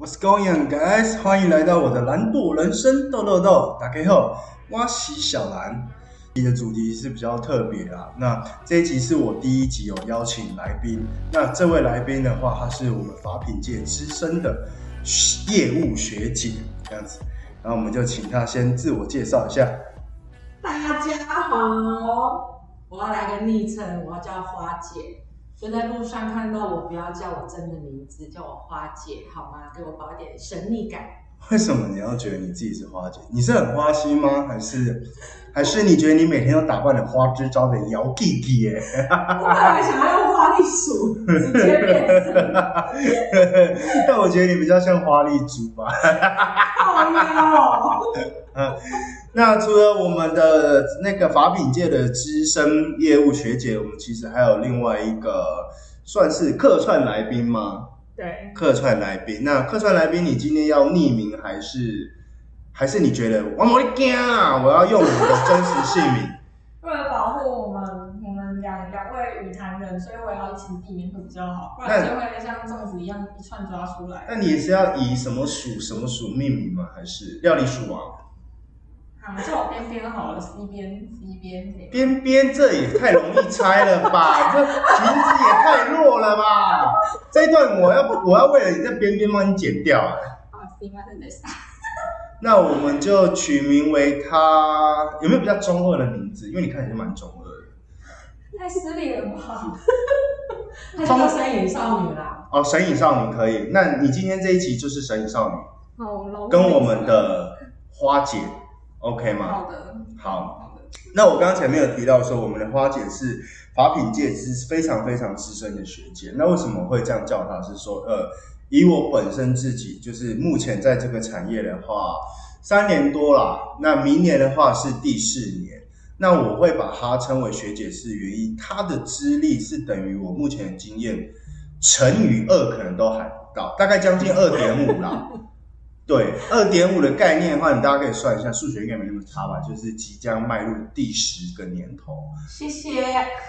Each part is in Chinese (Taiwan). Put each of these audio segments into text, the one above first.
What's going on, guys? 歡迎來到我的藍度人生豆豆豆。大家好，我是小藍，你的主題是比較特別啊。那這一集是我第一集有邀請來賓，那這位來賓的話，他是我們髮品界資深的業務學姐這樣子。然後我們就請他先自我介紹一下。大家好，我要來個昵稱，我要叫花姐。就在路上看到我，不要叫我真的名字，叫我花姐好嗎？給我保點神秘感。為什麼你要覺得你自己是花姐？你是很花心嗎？還是還是你覺得你每天要打扮的花枝招展？搖弟弟耶！我本來想要用花栗鼠，但我覺得你比較像花栗豬吧。 好厲害哦。 啊那除了我們的那個髮品界的資深業務學姐，我們其實還有另外一個算是客串來賓嗎？對，客串來賓。那客串來賓，你今天要匿名還是？還是你覺得我我的啊，我要用我的真實姓名？為了 保護我們我們兩兩位與談人，所以我要一起匿名會比較好，不然就會像粽子一樣一串抓出來。那，對那你是要以什麼鼠什麼鼠命名嗎？還是料理鼠王？啊？嗯、就我邊邊好了，好一邊一邊。邊邊這也太容易拆了吧？ 這裙子也太弱了吧？ 這一段我要不我要為了你這邊邊幫你剪掉？啊，啊那我們就取名為他，有沒有比較中二的名字？嗯、因為你看起來蠻中二的。太失禮了吧？他叫 中神隱少女啦。哦，神隱少女可以。那你今天這一集就是神隱少女。哦，我跟我們的花姐。OK 嗎、嗯？好的，好。好的那我剛剛前面有提到說，我們的花姐是髮品界是非常非常資深的學姐。嗯、那為什麼會這樣叫她？是說，呃，以我本身自己，就是目前在這個產業的話，三年多啦。那明年的話是第四年。那我會把她稱為學姐是原因，她的資歷是等於我目前的經驗乘以二，可能都還不到，大概將近二點五啦。嗯 對，二點五的概念的話，你大家可以算一下，數學應該沒那麼差吧？就是即將邁入第十個年頭。謝謝。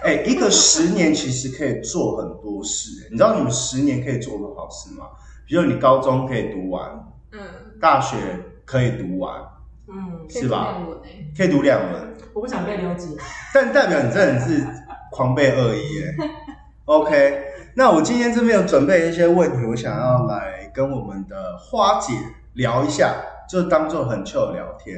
哎、欸，一個十年其實可以做很多事、欸。嗯、你知道你們十年可以做多少事嗎？比如你高中可以讀完，嗯，大學可以讀完，嗯，是吧？嗯、可以讀兩本、嗯。我不想被留級。但代表你真的是狂背二一。OK，那我今天這邊有準備一些問題，我想要來跟我們的花姐。聊一下，就當做很 Q 聊天。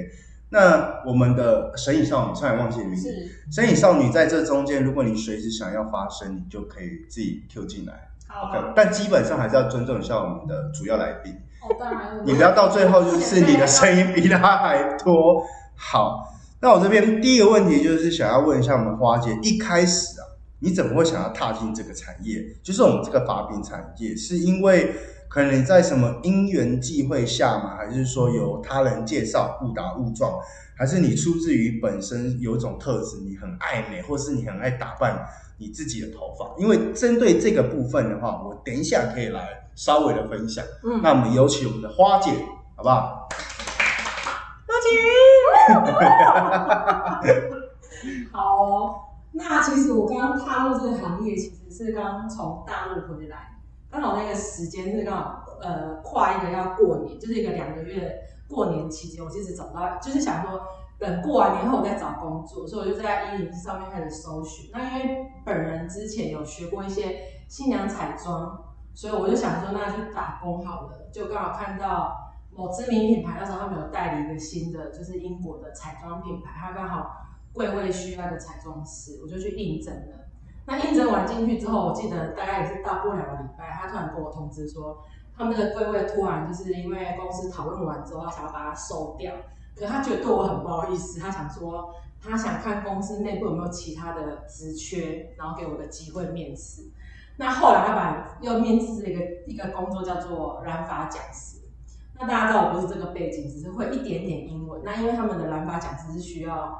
那我們的神隱少女上海、嗯、忘記是神隱少女在這中間，如果你隨時想要發聲，你就可以自己 Q 進來、啊 okay。但基本上還是要尊重一下我們的主要來賓。當然、嗯。你不要到最後就是你的聲音比他還多。好，那我這邊第一個問題就是想要問一下我們花姐，一開始啊，你怎麼會想要踏進這個產業，就是我們這個髮品產業，是因為？可能你在什麼因緣際會下嘛，還是說有他人介紹誤打誤撞，還是你出自於本身有種特質，你很愛美，或是你很愛打扮你自己的頭髮？因為針對這個部分的話，我等一下可以來稍微的分享。嗯，那我們有請我們的花姐，好不好？花姐、嗯。 好、哦。那其實我剛剛踏入這個行業，其實是剛從大陸回來。剛好那個時間是剛好，呃，跨一個要過年，就是一個兩個月過年期間，我一直找不到，就是想說，等過完年後我再找工作，所以我就在易靈上面開始搜尋。那因為本人之前有學過一些新娘彩妝，所以我就想說，那就打工好了。就剛好看到某知名品牌，那時候他們有代理一個新的，就是英國的彩妝品牌，它剛好櫃位需要一個彩妝師，我就去應徵了。那應徵完進去之後，我記得大概也是大過兩個禮拜，他突然跟我通知說，他們的櫃位突然就是因為公司討論完之後，他想要把它收掉，可他覺得對我很不好意思，他想說他想看公司內部有沒有其他的職缺，然後給我個機會面試。那後來他把要面試的一個一個工作叫做染髮講師。那大家知道我不是這個背景，只是會一點點英文。那因為他們的染髮講師是需要。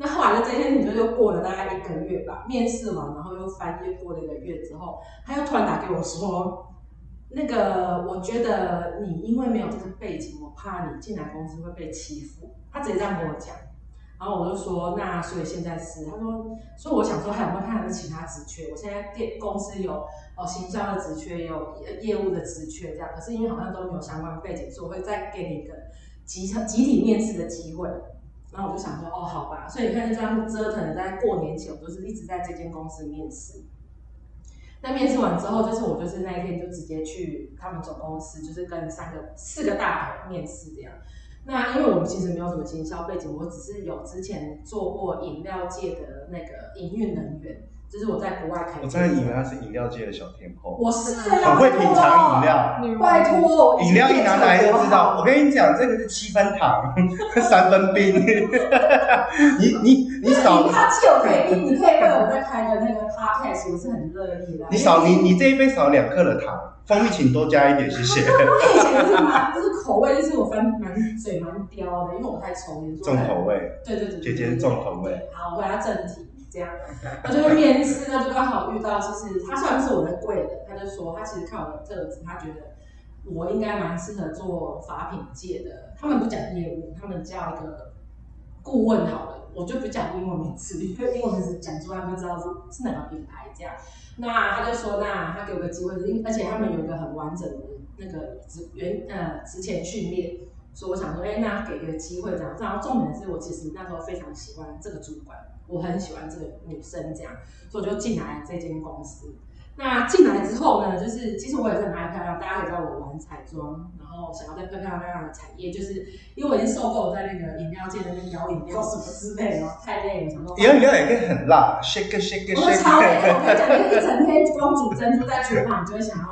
那後來的這些，你就又過了大概一個月吧，面試完，然後又翻頁過了一個月之後，他又突然打給我，說：“那個，我覺得你因為沒有這個背景，我怕你進來公司會被欺負。”他直接這樣跟我講。然後我就說：“那所以現在是？”他說：“所以我想說，還有沒有看有沒有其他職缺？我現在電公司有哦，行銷的職缺，有業務的職缺，這樣。可是因為好像都沒有相關背景，所以我會再給你一個集集體面試的機會。”然後我就想說，哦，好吧，所以你看就這樣折騰的，在過年前我就是一直在這間公司面試。那面試完之後，就是我就是那一天就直接去他們總公司，就是跟三個、四個大頭面試這樣。那因為我們其實沒有什麼經銷背景，我只是有之前做過飲料界的那個營運人員。就是我在國外開，我真的以為他是飲料界的小天後。我是很會品嘗飲料。你拜託，飲料一拿來就知道。我跟你講，這個是七分糖，三分冰。你你你少。你借我一杯，你可以看我在開的那個 podcast 我是很樂意的。你少，你你這一杯少兩克的糖，蜂蜜請多加一點，謝謝。哈哈哈是哈。這是口味，就是我分蠻嘴蠻刁的，因為我太抽煙。重口味。對對對姐姐是重口味。好，回到正題。這樣，他就面試，他就剛好遇到，就是他算是我的貴人，他就說他其實看我的特質，他覺得我應該蠻適合做髮品界的。他們不講業務，他們叫一個顧問好了，我就不講英文名字。因為英文名字講出來不知道是哪個品牌這樣。那他就說，那他給我個機會，因而且他們有一個很完整的那個職員呃職前訓練，所以我想說，哎、欸，那給一個機會這樣。然後重點是，我其實那時候非常喜歡這個主管。我很喜歡這個女生，這樣，所以我就進來這間公司。那進來之後呢，就是其實我也是蠻愛漂亮，大家也知道我玩彩妝，然後想要在漂漂亮亮的產業，就是因為我已經受夠在那個飲料界的那邊搖飲料，什麼之類太累了，想要飲料也可以很辣，shake shake shake，我超累，我跟你講， 就是成天光煮珍珠在廚房就會想要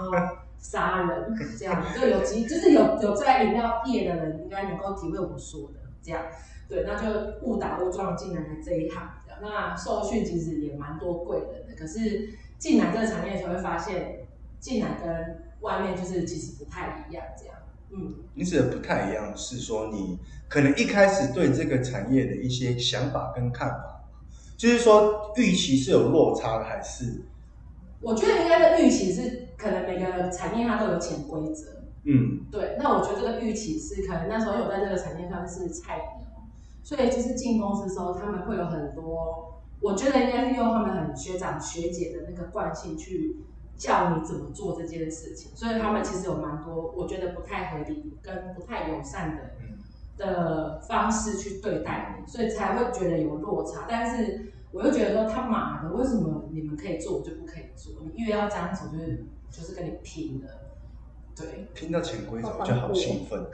殺人，這樣就有機就是有有在飲料業的人應該能夠體會我說的這樣，對，那就誤打誤撞進來這一行。那受訓其實也蠻多貴人的，可是進來這個產業才會發現，進來跟外面就是其實不太一樣，這樣。嗯，你指的不太一樣是說你可能一開始對這個產業的一些想法跟看法，就是說預期是有落差的，還是？我覺得應該是預期是可能每個產業它都有潛規則。嗯，對。那我覺得這個預期是可能那時候有在這個產業上是菜。所以就是進公司的時候，他們會有很多，我覺得應該是用他們很學長學姐的那個慣性去教你怎麼做這件事情。所以他們其實有蠻多，我覺得不太合理跟不太友善的的方式去對待你，所以才會覺得有落差。但是我又覺得說，他媽的，為什麼你們可以做，我就不可以做？你越要這樣子，就是就是跟你拼了。對，聽到潛規則我就好興奮，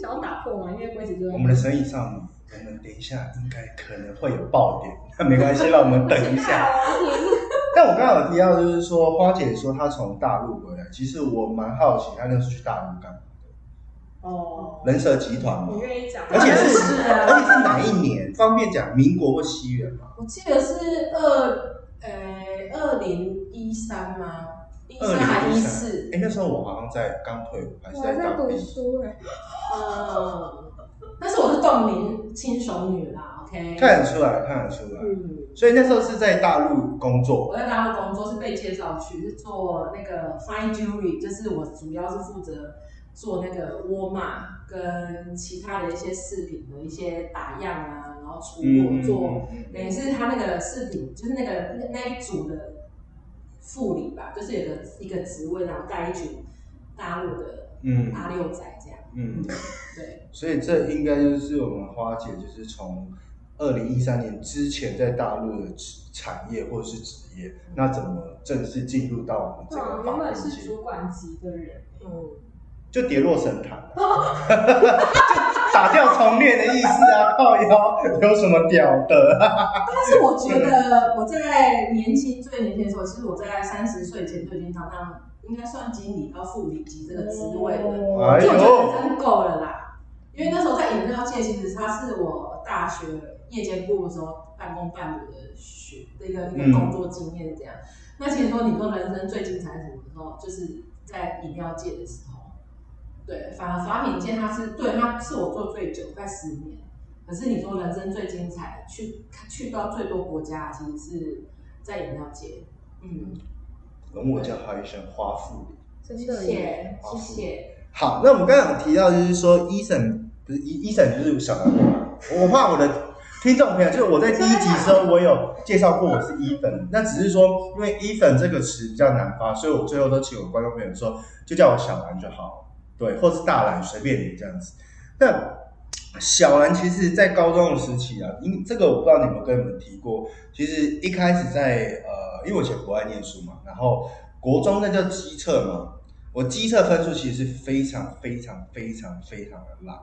想要打破嗎？因為規則就是我們的生意上，我們等一下應該可能會有爆點， 沒關係，讓我們等一下。 但我剛剛有提到，就是說 花姐說她從大陸回來，其實我蠻好奇，她那時候去大陸幹嘛？哦、嘛？哦，人蛇集團嘛。你願意講？而且是 而且是哪一年？ 方便講民國或西元嗎？我記得是二，呃，二零一三嗎？一三還一四，哎、欸，那時候我好像在剛退伍還是在當兵，讀書哎，嗯、 呃，但是我是凍齡輕熟女啦，OK，看得出來，看得出來，嗯，所以那時候是在大陸工作。我在大陸工作是被介紹去是做那個 fine jewelry，就是我主要是負責做那個 Walmart 跟其他的一些飾品的一些打樣啊，然後出國做，嗯嗯嗯等於是他那個飾品就是那個那，那一組的。副理吧，就是有個一個職位，然後帶一群大陸的嗯大六仔這樣，嗯對，所以這應該就是我們花姐，就是從二零一三年之前在大陸的產業或者是職業，嗯、那怎麼正式進入到我們這個房？啊？原本是主管級的人，嗯、就跌落神壇了。哦 打掉重練的意思啊，靠腰 有，有什麼屌的、啊？但是我覺得我在年輕最年輕的時候， 其實我在三十歲前就已經常常應該算經理到副理級這個職位了，這、哦嗯、我覺得真夠了啦。哎、呦因為那時候在飲料界，其實他是我大學夜間部的時候半工半讀的學一、這個一個工作經驗這樣。嗯、那其實說你說人生最精彩的的時候，就是在飲料界的時候。對，反而髮品界他是對，他是我做最久，快十年。可是你說人生最精彩，去去到最多國家，其實是在飲料界。嗯，嗯對我叫他一聲花父，真的耶謝謝，婦謝謝。好，那我們剛剛提到就是說，一粉不是一，一粉就是小蘭。 我怕我的聽眾朋友，就是我在第一集的時候，我有介紹過我是一、e、粉、啊，那只是說因為一、e、粉這個詞比較難發，所以我最後都請我觀眾朋友說，就叫我小蘭就好。對，或是大藍隨便你這樣子。那小藍其實，在高中的時期啊，因為這個我不知道你們有沒有跟你們提過。其實一開始在呃，因為我以前不愛念書嘛，然後國中那叫基測嘛，我基測分數其實是非常非常非常非常的爛。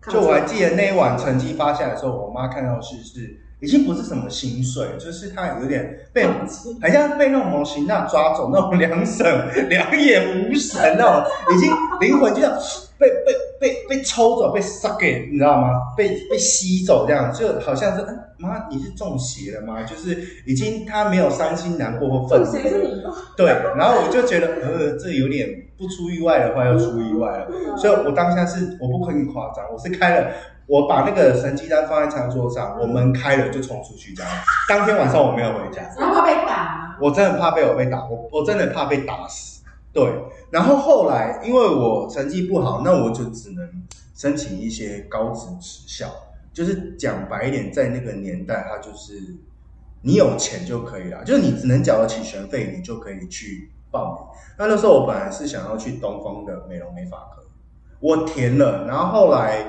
看，就我還記得那一晚成績發下來的時候，我媽看到的是是。已經不是什麼心碎，就是他有點被，好像被那種猛型那樣抓走，那種兩省兩眼無神那種，已經靈魂就像被被被被抽走，被給你知道嗎？被被吸走這樣，就好像是，哎、嗯、媽，你是中邪了嗎？就是已經他沒有傷心、難過或憤怒。中邪是你對，然後我就覺得，呃，這有點不出意外的話要出意外了，所以，我當下是我不可以誇張，我是開了。我把那個成績單放在餐桌上，我們開了就衝出去這樣。當天晚上我沒有回家，怕被打啊。我真的怕被我被打，我我真的怕被打死。對，然後後來因為我成績不好，那我就只能申請一些高職職校。就是講白一點，在那個年代，他就是你有錢就可以了，就是你只能繳得起學費，你就可以去報名。那那時候我本來是想要去東方的美容美髮科，我填了，然後後來。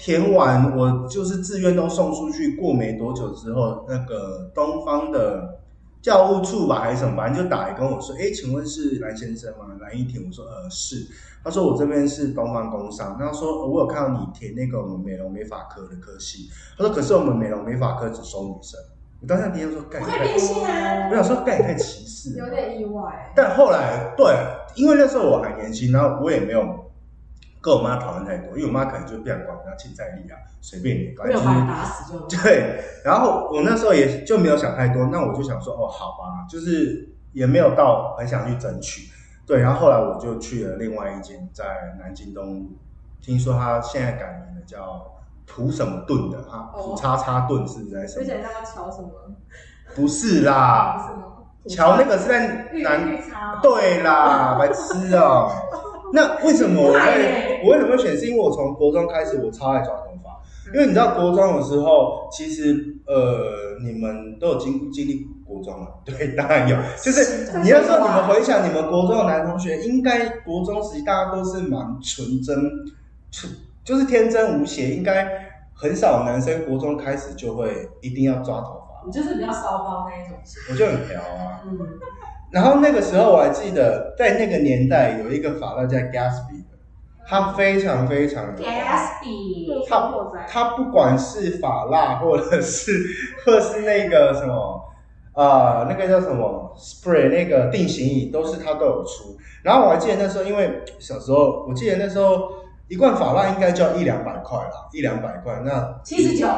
填完我就是志願都送出去，過沒多久之後，那個東方的教務處吧還是什麼，反正就打來跟我說：“哎、欸，請問是藍先生嗎？”藍一婷我說：“呃，是。”他說：“我這邊是東方工商。”他說：“我有看到你填那個我們美容美髮科的科系。”他說：“可是我們美容美髮科只收女生。”我當下第一說：“可以變性啊！”我想說：“蓋你太歧視。”有點意外。但後來對，因為那時候我還年輕，然後我也沒有。跟我媽討論太多，因為我媽可能就不想管人家潛在力啊，隨便你管。就是、沒有把你打死就對。對，然後我那時候也就沒有想太多，那我就想說，哦，好吧，就是也沒有到很想去爭取。對，然後後來我就去了另外一間，在南京東聽說他現在改名了，叫“圖什麼燉的，他“圖叉叉燉是在什麼？我、哦、想讓他瞧什麼？不是啦。不是嗎？瞧那個是在南。玉玉對啦，白癡哦。 那為什麼我會我為什麼會選？是因為我從國中開始，我超愛抓頭髮。因為你知道國中的時候，其實呃，你們都有經經歷國中了，對，當然有。就是你要說你們回想你們國中的男同學，應該國中時期大家都是蠻純真，純就是天真無邪。應該很少男生國中開始就會一定要抓頭髮。你就是比較騷包那一種，我就很屌啊。然後那個時候我還記得，在那個年代有一個髮蠟叫 Gatsby 它非常非常 Gatsby 它不管是髮蠟或者是或者是那個什麼，呃，那個叫什麼 Spray 那個定型液都是它都有出。然後我還記得那時候，因為小時候，我記得那時候一罐髮蠟應該就要一兩百塊啦，一兩百塊那七十九。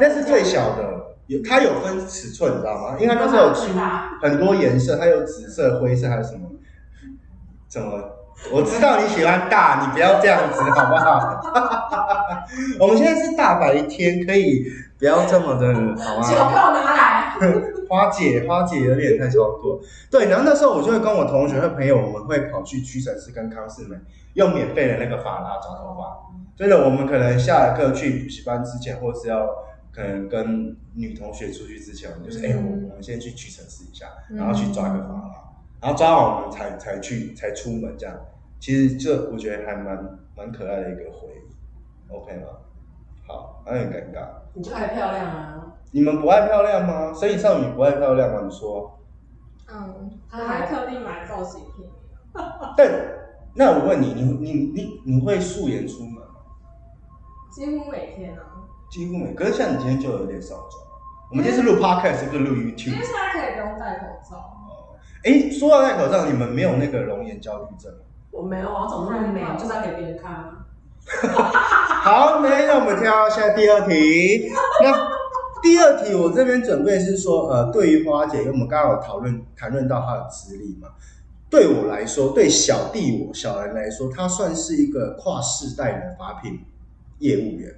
那是，是最小的，有，它有分尺寸，你知道嗎？因為它那時候有出很多顏色，它有紫色、灰色還有什麼？怎麼？我知道你喜歡大，你不要這樣子，好不好？ 我們現在是大白天，可以不要這麼的人，好嗎？小拿來。 花姐，花姐有點太超過。對，然後那時候我就會跟我同學、和朋友，我們會跑去屈臣氏跟康是美，用免費的那個髮蠟抓頭髮。嗯、對了，我們可能下了課去補習班之前，或是要可能跟女同學出去之前，我們就是哎，我、嗯欸、我們先去屈臣氏一下，然後去抓個髮蠟，然後抓完我們才才去才出門這樣。其實這我覺得還蠻蠻可愛的一個回憶，OK 嗎？好，那很尷尬。你就愛漂亮啊？你們不愛漂亮嗎？所以少女不愛漂亮嗎？你說？嗯，他還特地買造型品，但那我問你，你你你你，你會素顏出門嗎？幾乎每天啊。幾乎每，可是像你今天就有點少。我們今天是錄 podcast 為是不是錄 YouTube？因為現在可以不用戴口罩。哦、嗯，哎、欸，說到戴口罩，你們沒有那個容顏焦慮症？我沒有啊，我總是很美啊，就是要給別人看 好，okay, 那我們跳到現在第二題。那第二題，我這邊準備是說，呃，對於花姐，因為我們剛剛有討論，談論到她的資歷嘛。對我來說，對小弟我小人來說，她算是一個跨世代的髮品業務員。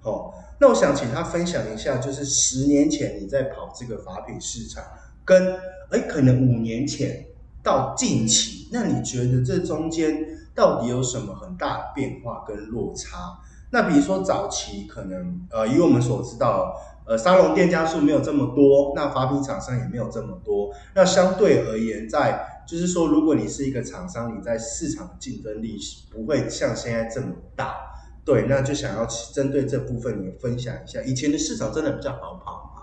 好、哦，那我想請她分享一下，就是十年前你在跑這個髮品市場，跟誒、欸、可能五年前到近期，那你覺得這中間到底有什麼很大的變化跟落差？那比如說早期可能呃，以我們所知道，呃，沙龍店家數沒有這麼多，那發品廠商也沒有這麼多，那相對而言在，在就是說，如果你是一個廠商，你在市場的競爭力不會像現在這麼大，對，那就想要針對這部分，也分享一下，以前的市場真的比較好跑嗎？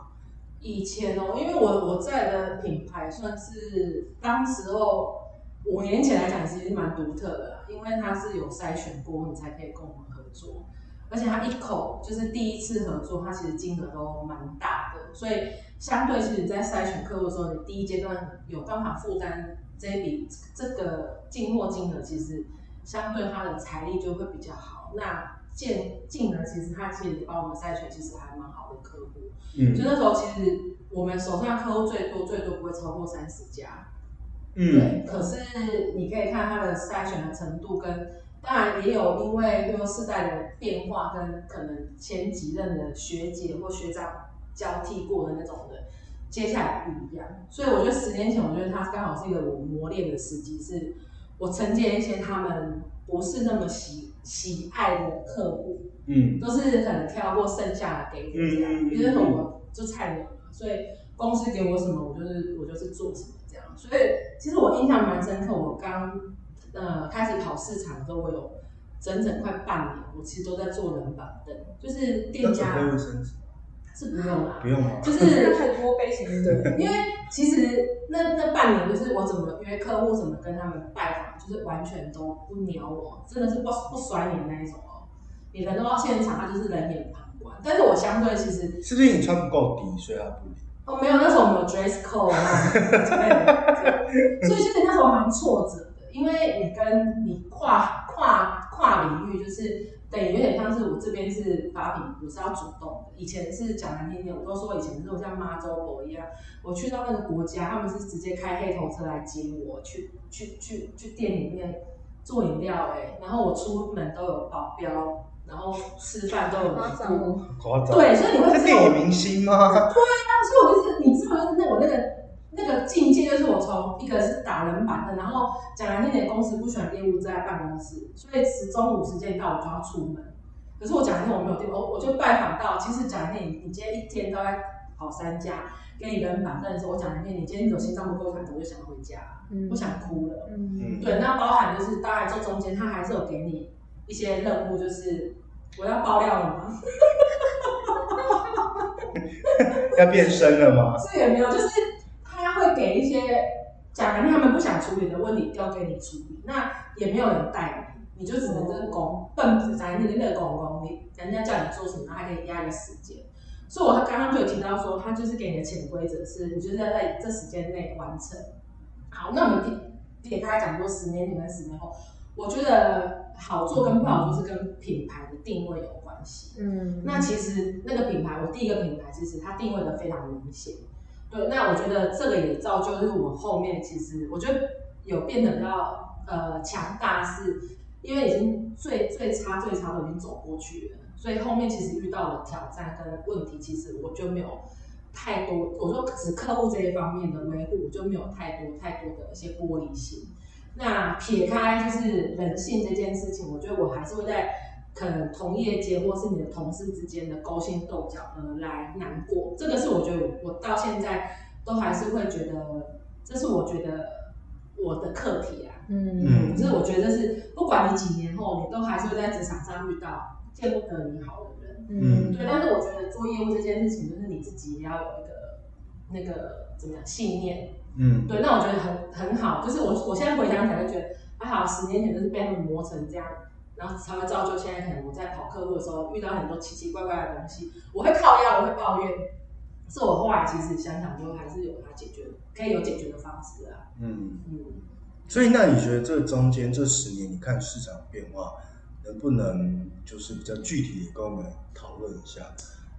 以前哦，因為我我在的品牌算是當時候五年前來講，其實蠻獨特的啦，因為它是有篩選過，你才可以跟我們合作。而且他一口就是第一次合作，他其實金額都蠻大的，所以相對其實在篩選客戶的時候，你第一階段有辦法負擔這一筆這個進貨金額，其實相對他的財力就會比較好。那漸進而其實他其實幫我們篩選，其實還蠻好的客戶。嗯。所以那時候其實我們手上客戶最多，最多不會超過三十家。嗯。對。嗯。可是你可以看他的篩選的程度跟。當然也有因為這個時代的變化跟可能前幾任的學姐或學長交替過的那種人，接下來不一樣。所以我覺得十年前，我覺得他剛好是一個我磨練的時機，是我承接一些他們不是那麼喜喜愛的客戶，嗯，都是很挑過剩下的給我這樣，嗯嗯嗯嗯、因為我就菜鳥嘛，所以公司給我什麼，我就是我就是做什麼這樣。所以其實我印象蠻深刻，我剛。呃，開始跑市場的時候，我有整整快半年，我其實都在坐冷板凳，就是店家不用是、啊、不用啊，不用啊，就是太多背景。 對，因為其實那那半年，就是我怎麼約客戶，怎麼跟他們拜訪，就是完全都不鳥我，真的是不不甩你那一種哦、喔。你人都到現場、啊，他就是冷眼旁觀。但是我相對其實，是不是你穿不夠低、啊，所以不低哦，沒有，那時候我們有 dress code 啊， 所以其實那時候蠻挫折。因為你跟你跨跨跨領域，就是等於有點像是我這邊是髮品，我是要主動的。以前是講難聽一點，我都說以前就是我像媽祖婆一樣，我去到那個國家，他們是直接開黑頭車來接我去去去去店裡面做飲料哎、欸，然後我出門都有保鏢，然後吃飯都有服務， 對，所以你會是電影明星嗎？對啊，所以我就是，你知道就是那我那個。那個境界就是我從一個是打人板的，然後講難聽點，公司不喜歡業務在辦公室，所以是中午時間到我就要出門。可是我講難聽我沒有地方，我我就拜訪到，其實講難聽你你今天一天都在跑三家，給你人板的時候，我講難聽你今天有心臟不夠強，我就想回家，不、嗯、想哭了。嗯，對，那包含就是當然這中間他還是有給你一些任務，就是我要爆料了嗎？ 要變身了嗎？是也沒有，就是。給一些假如他們不想處理的問題交給你處理，那也沒有人帶你，你就只能跟工笨死在那個那個工工裡，人家叫你做什麼，他給你壓一個時間。所以我剛剛就有提到說，他就是給你的潛規則是，你就在在這時間內完成。好，那我們給大家講過，十年前跟十年後，我覺得好做跟不好做是跟品牌的定位有關係。嗯，那其實那個品牌，我第一個品牌其實它定位的非常的明顯。那我覺得這個也造就，是我後面其實我覺得有變得比較呃強大，是因為已經最最差最差都已經走過去了，所以後面其實遇到了挑戰跟問題，其實我就沒有太多，我說只客戶這一方面的維護我就沒有太多太多的一些玻璃心。那撇開就是人性這件事情，我覺得我還是會在。可能同業界或是你的同事之間的勾心鬥角而來難過，這個是我覺得我到現在都還是會覺得，這是我覺得我的課題啊。嗯，就是我覺得是，不管你幾年後，你都還是會，在職場上遇到見不得你好的人。嗯，對。但是我覺得做業務這件事情，就是你自己也要有一個那個怎麼樣信念。嗯，對。那我覺得很很好，就是我我現在回想起來就覺得，還、啊、好，十年前就是被他們磨成這樣。然後才會造就現在可能我在跑客戶的時候，遇到很多奇奇怪怪怪的東西，我會靠壓，我會抱怨。這我後來其實想想就還是有它解決，可以有解決的方式啊。嗯嗯。嗯，所以那你覺得這中間、嗯、這十年，你看市場變化，能不能就是比較具體的跟我們討論一下？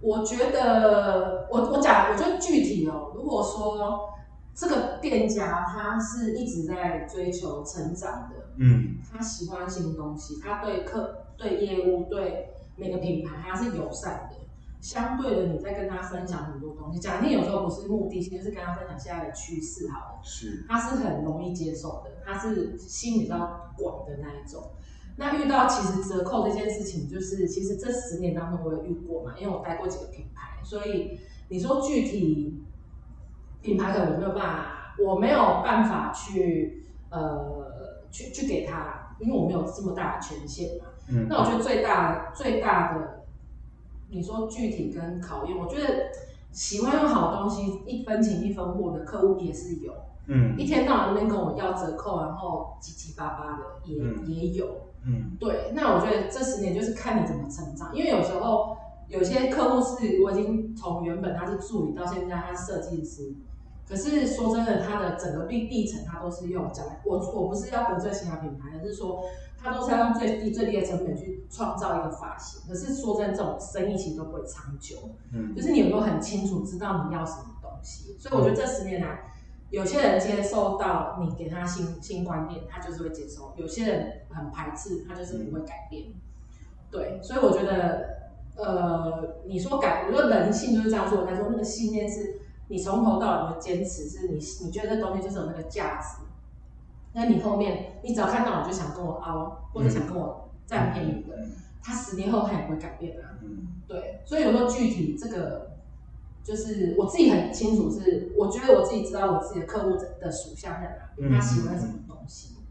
我覺得我我講，我覺得具體哦。如果說這個店家他是一直在追求成長的。嗯，他喜歡新東西，他對客、對業務、對每個品牌他是友善的。相對的，你在跟他分享很多東西，假設你有時候不是目的性，就是跟他分享現在的趨勢，好的，是，他是很容易接受的，他是心比較廣的那一種。那遇到其實折扣這件事情，就是其實這十年當中我有遇過嘛，因為我帶過幾個品牌，所以你說具體品牌可能吧，我沒有辦法去呃。去去給他，因為我沒有這麼大的權限嘛。嗯、那我覺得最大、嗯、最大的，你說具體跟考驗，我覺得喜歡用好東西，一分錢一分貨的客戶也是有。嗯，一天到晚那跟我要折扣，然後七七八八的也、嗯、也有。嗯，對。那我覺得這十年就是看你怎麼成長，因為有時候有些客戶是我已經從原本他是助理，到現在他是設計師。可是說真的，它的整個地地層它都是用講我我不是要得罪其他品牌，而是說它都是要用最低最低的成本去創造一個髮型。可是說真的，這種生意其實都不會長久。嗯，就是你有沒有很清楚知道你要什麼東西？所以我覺得這十年來，嗯、有些人接受到你給他新新觀念，他就是會接受；有些人很排斥，他就是不會改變。嗯、對，所以我覺得，呃，你說改，如果人性就是這樣說。他說那個信念是。你從頭到尾的堅持，是你你覺得這東西就是有那個價值。那你後面，你只要看到，你就想跟我凹或者想跟我佔便宜的，嗯、他十年後他也不會改變的、啊。嗯、對，所以有時候具體這個，就是我自己很清楚是，是我覺得我自己知道我自己的客戶的屬相在哪，嗯、他喜歡什麼東西。嗯、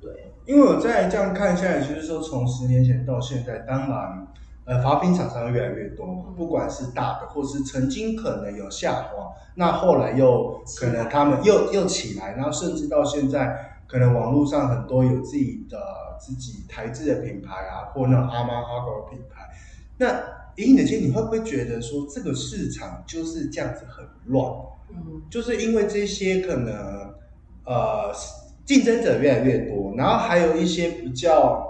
對，因為我在這樣看下來，就是說從十年前到現在，當然。呃，髮品廠商越來越多嘛，不管是大的，或是曾經可能有下滑，那後來又可能他們又又起來，然後甚至到現在，可能網絡上很多有自己的自己台製的品牌啊，或那種阿貓阿狗的品牌。那以你的經驗，你會不會覺得說這個市場就是這樣子很亂？嗯哼，就是因為這些可能呃競爭者越來越多，然後還有一些比較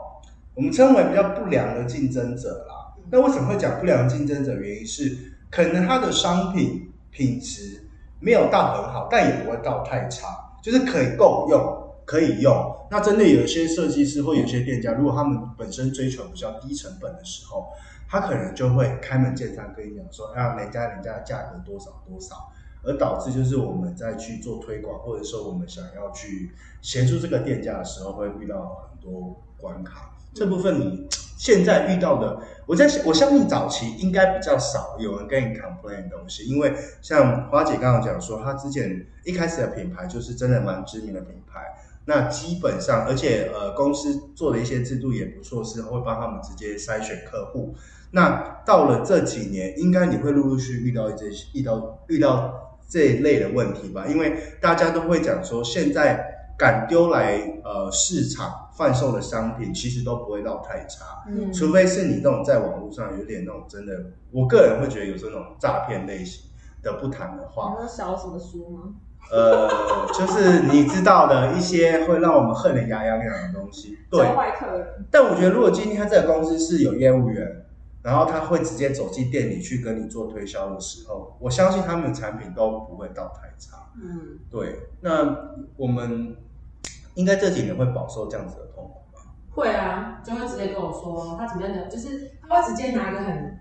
我們稱為比較不良的競爭者啦。那為什麼會講不良競爭者？原因是可能他的商品品質沒有到很好，但也不會到太差，就是可以夠用，可以用。那針對有一些設計師或有些店家，如果他們本身追求比較低成本的時候，他可能就會開門見山跟你講說：“啊，人家人家的價格多少多少。”而導致就是我們在去做推廣，或者說我們想要去協助這個店家的時候，會遇到很多關卡。對 這部分你。現在遇到的，我在，我相信早期應該比較少有人跟你 complain 的東西，因為像花姐剛剛講說，她之前一開始的品牌就是真的蠻知名的品牌，那基本上而且呃公司做的一些制度也不錯，是會幫他們直接篩選客戶。那到了這幾年，應該你會陸陸續續遇到一些遇到遇到這一類的問題吧，因為大家都會講說現在。敢丟來呃市場販售的商品，其實都不會到太差，嗯、除非是你那種在網絡上有點那種真的，我個人會覺得有這種詐騙類型的不談的話。你有小什麼書嗎？呃，就是你知道的一些會讓我們恨得牙癢癢的東西。對，外客人。但我覺得，如果今天他這個公司是有業務員。然後他會直接走進店裡去跟你做推銷的時候，我相信他們的產品都不會倒太差。嗯，對。那我們應該這幾年會飽受這樣子的痛苦吧？會啊，就會直接跟我說他怎麼樣的，就是他會直接拿一個很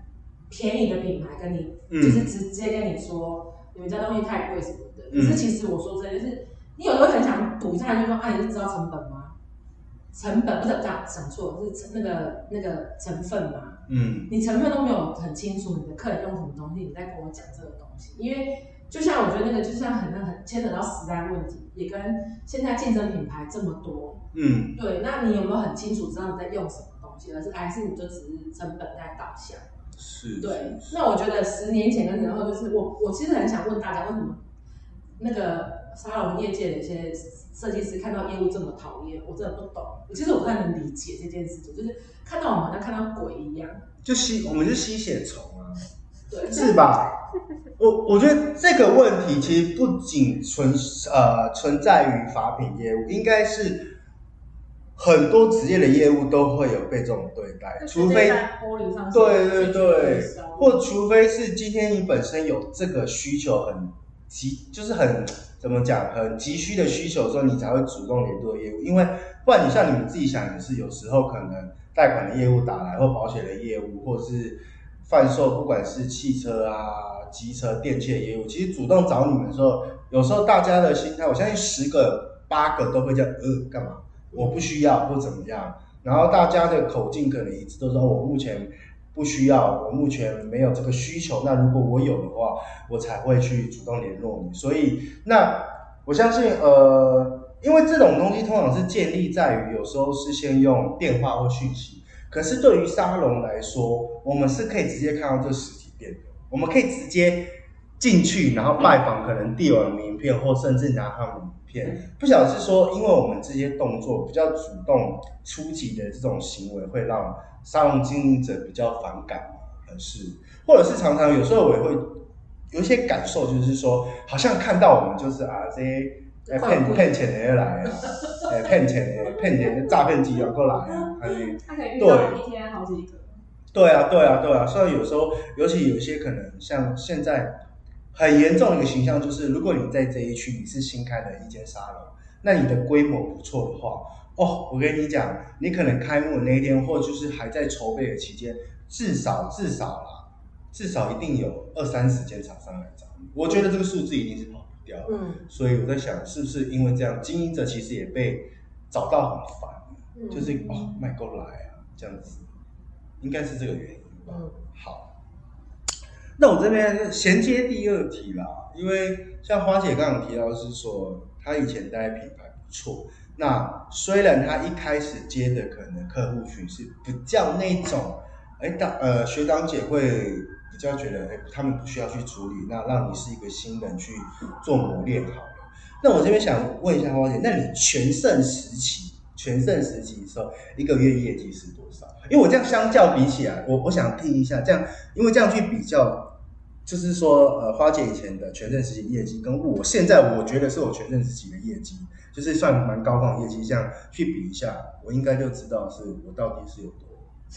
便宜的品牌跟你，嗯、就是直接跟你說你們家東西太貴什麼的。嗯、可是其實我說真的，就是你有時候很想堵一下，就說啊，你是知道成本嗎？成本不是這樣，想錯了，是成那個那個成分嘛。嗯，你成分都沒有很清楚，你的客人用什麼東西，你在跟我講這個東西，因為就像我覺得那個就，就像很很牽扯到時代問題，也跟現在競爭品牌這麼多，嗯，對，那你有沒有很清楚知道你在用什麼東西，而是還是你就只是成本在導向，是，對，是是是，那我覺得十年前的時候就是我我其實很想問大家，為什麼那個？沙龍業界的一些設計師看到業務這麼討厭，我真的不懂。其實我更能理解這件事情，就是看到我們好像看到鬼一樣，就吸心，對 我們就吸血蟲啊，對 是吧？ 我我覺得這個問題其實不僅存呃存在於髮品業務，應該是很多職業的業務都會有被這種對待，嗯、除非對,對對對，對或除非是今天你本身有這個需求很急，就是很。怎麼講？很急需的需求的時候，你才會主動聯絡業務，因為不然你像你們自己想的是，有時候可能貸款的業務打來，或保險的業務，或是販售，不管是汽車啊、機車、電器業務，其實主動找你們的時候，有時候大家的心態，我相信十個八個都會叫呃幹嘛？我不需要或怎麼樣，然後大家的口徑可能一直都說我目前。不需要，我目前沒有這個需求。那如果我有的話，我才會去主動聯絡你。所以，那我相信，呃，因為這種東西通常是建立在於，有時候是先用電話或訊息。可是對於沙龍來說，我們是可以直接看到這實體店的。我們可以直接進去，然後拜訪，可能遞完名片，或甚至拿他們名片。不曉得是說，因為我們這些動作比較主動出擊的這種行為，會讓。沙龍經營者比較反感嗎？還是或者是常常有時候我也會有一些感受，就是說好像看到我們就是啊，這些騙騙、呃、錢的來的啊， 呃，騙錢的騙錢的詐騙集團過來，還是對一天好幾個對、啊，對啊，對啊，對啊。所以有時候尤其有一些可能像現在很嚴重的一個形象，就是如果你在這一區，你是新開的一間沙龍，那你的規模不錯的話。哦，我跟你講，你可能開幕那一天，或就是還在籌備的期間，至少至少啦、啊，至少一定有二三十間廠商來找你，我覺得這個數字一定是跑不掉的。嗯，所以我在想，是不是因為這樣，經營者其實也被找到很煩，嗯、就是哦，賣過來啊，這樣子，應該是這個原因吧。嗯，好，那我這邊銜接第二題啦，因為像花姐剛剛提到的是說，她以前待品牌不錯。那雖然他一開始接的可能客戶群是比較那種，哎，大，呃學長姐會比較覺得哎、欸，他們不需要去處理，那讓你是一個新人去做磨練好了。那我這邊想問一下花姐，那你全盛時期，全盛時期的時候，一個月業績是多少？因為我這樣相較比起來，我我想聽一下，這樣因為這樣去比較，就是說呃，花姐以前的全盛時期業績，跟我現在我覺得是我全盛時期的業績。就是算蠻高光的業績，這樣去比一下，我應該就知道是我到底是有多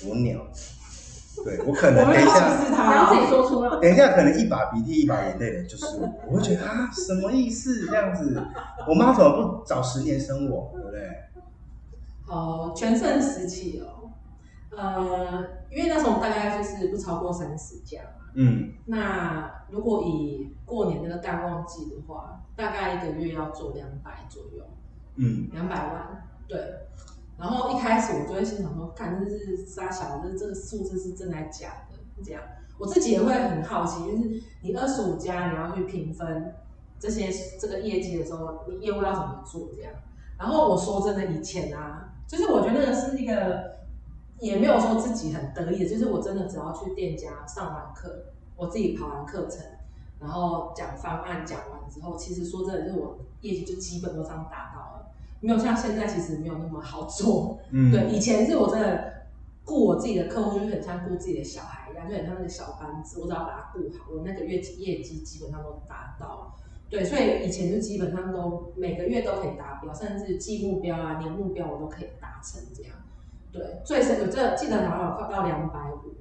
多鳥。對我可能等一下， 還要自己說出來。等一下，可能一把鼻涕一把眼淚的，就是我會覺得 啊，什麼意思這樣子？我媽怎麼不早十年生我？對不對？哦、呃，全盛時期哦，呃，因為那時候我們大概就是不超過三十家。嗯，那。如果以過年那個淡旺季的話，大概一個月要做兩百左右，嗯，兩百萬，對。然後一開始我就會心想說，看這是殺小？這這個數字是真的還是假的？這樣。我自己也會很好奇，就是你二十五家你要去平分這些這個業績的時候，你業務要怎麼做？這樣。然後我說真的，以前啊，就是我覺得那是一個也沒有說自己很得意的，就是我真的只要去店家上完課。我自己跑完課程，然後講方案講完之後，其實說真的是我的業績就基本都這樣達到了，沒有像現在，其實沒有那麼好做。嗯，對，以前是我真的顧我自己的客戶，就是很像顧自己的小孩一樣，就很像那個小班子，我只要把它顧好，我那個月績業績基本上都達到。對，所以以前就基本上都每個月都可以達標，甚至季目標啊、年目標我都可以達成這樣。對，最深我這記得拿好快到兩百五。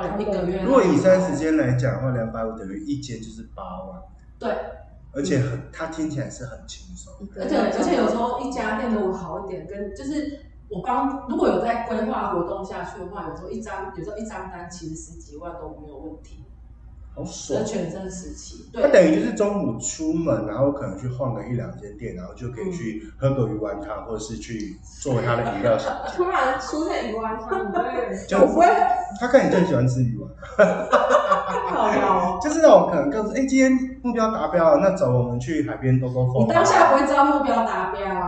嗯、一個月如果以三十間來講的話，兩百五等於一間就是八萬。對，而且很，他、嗯、聽起來是很輕鬆。而且而且有時候一家店如果好一點，對跟對就是我剛，如果有在規劃活動下去的話，有時候一張有時候一張單其實十幾萬都沒有問題。好爽的全真時期，對他等於就是中午出門，然後可能去逛個一兩間店，然後就可以去喝個魚丸湯，或者是去做他的飲料。 突然出現魚丸湯，對就不會？他看你最喜歡吃魚丸，太好了。就是那、哦、種可能、就是，哎、欸，今天目標達標，那走，我們去海邊兜兜風。你當下不會知道目標達標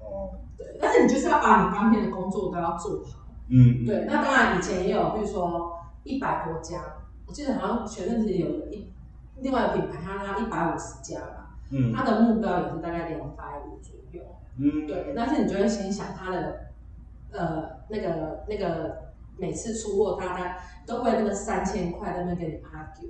哦，對。但是你就是要把你當天的工作都要做好。嗯,嗯，對。那當然，以前也有，比如說一百多家。我記得好像前陣子有一另外的品牌，他一百五十家吧，他、嗯、的目標也是大概兩百五左右。嗯，對。嗯、但是你就會心想它，他的呃那個那個每次出貨，大概都會那個三千塊在那邊給你發給、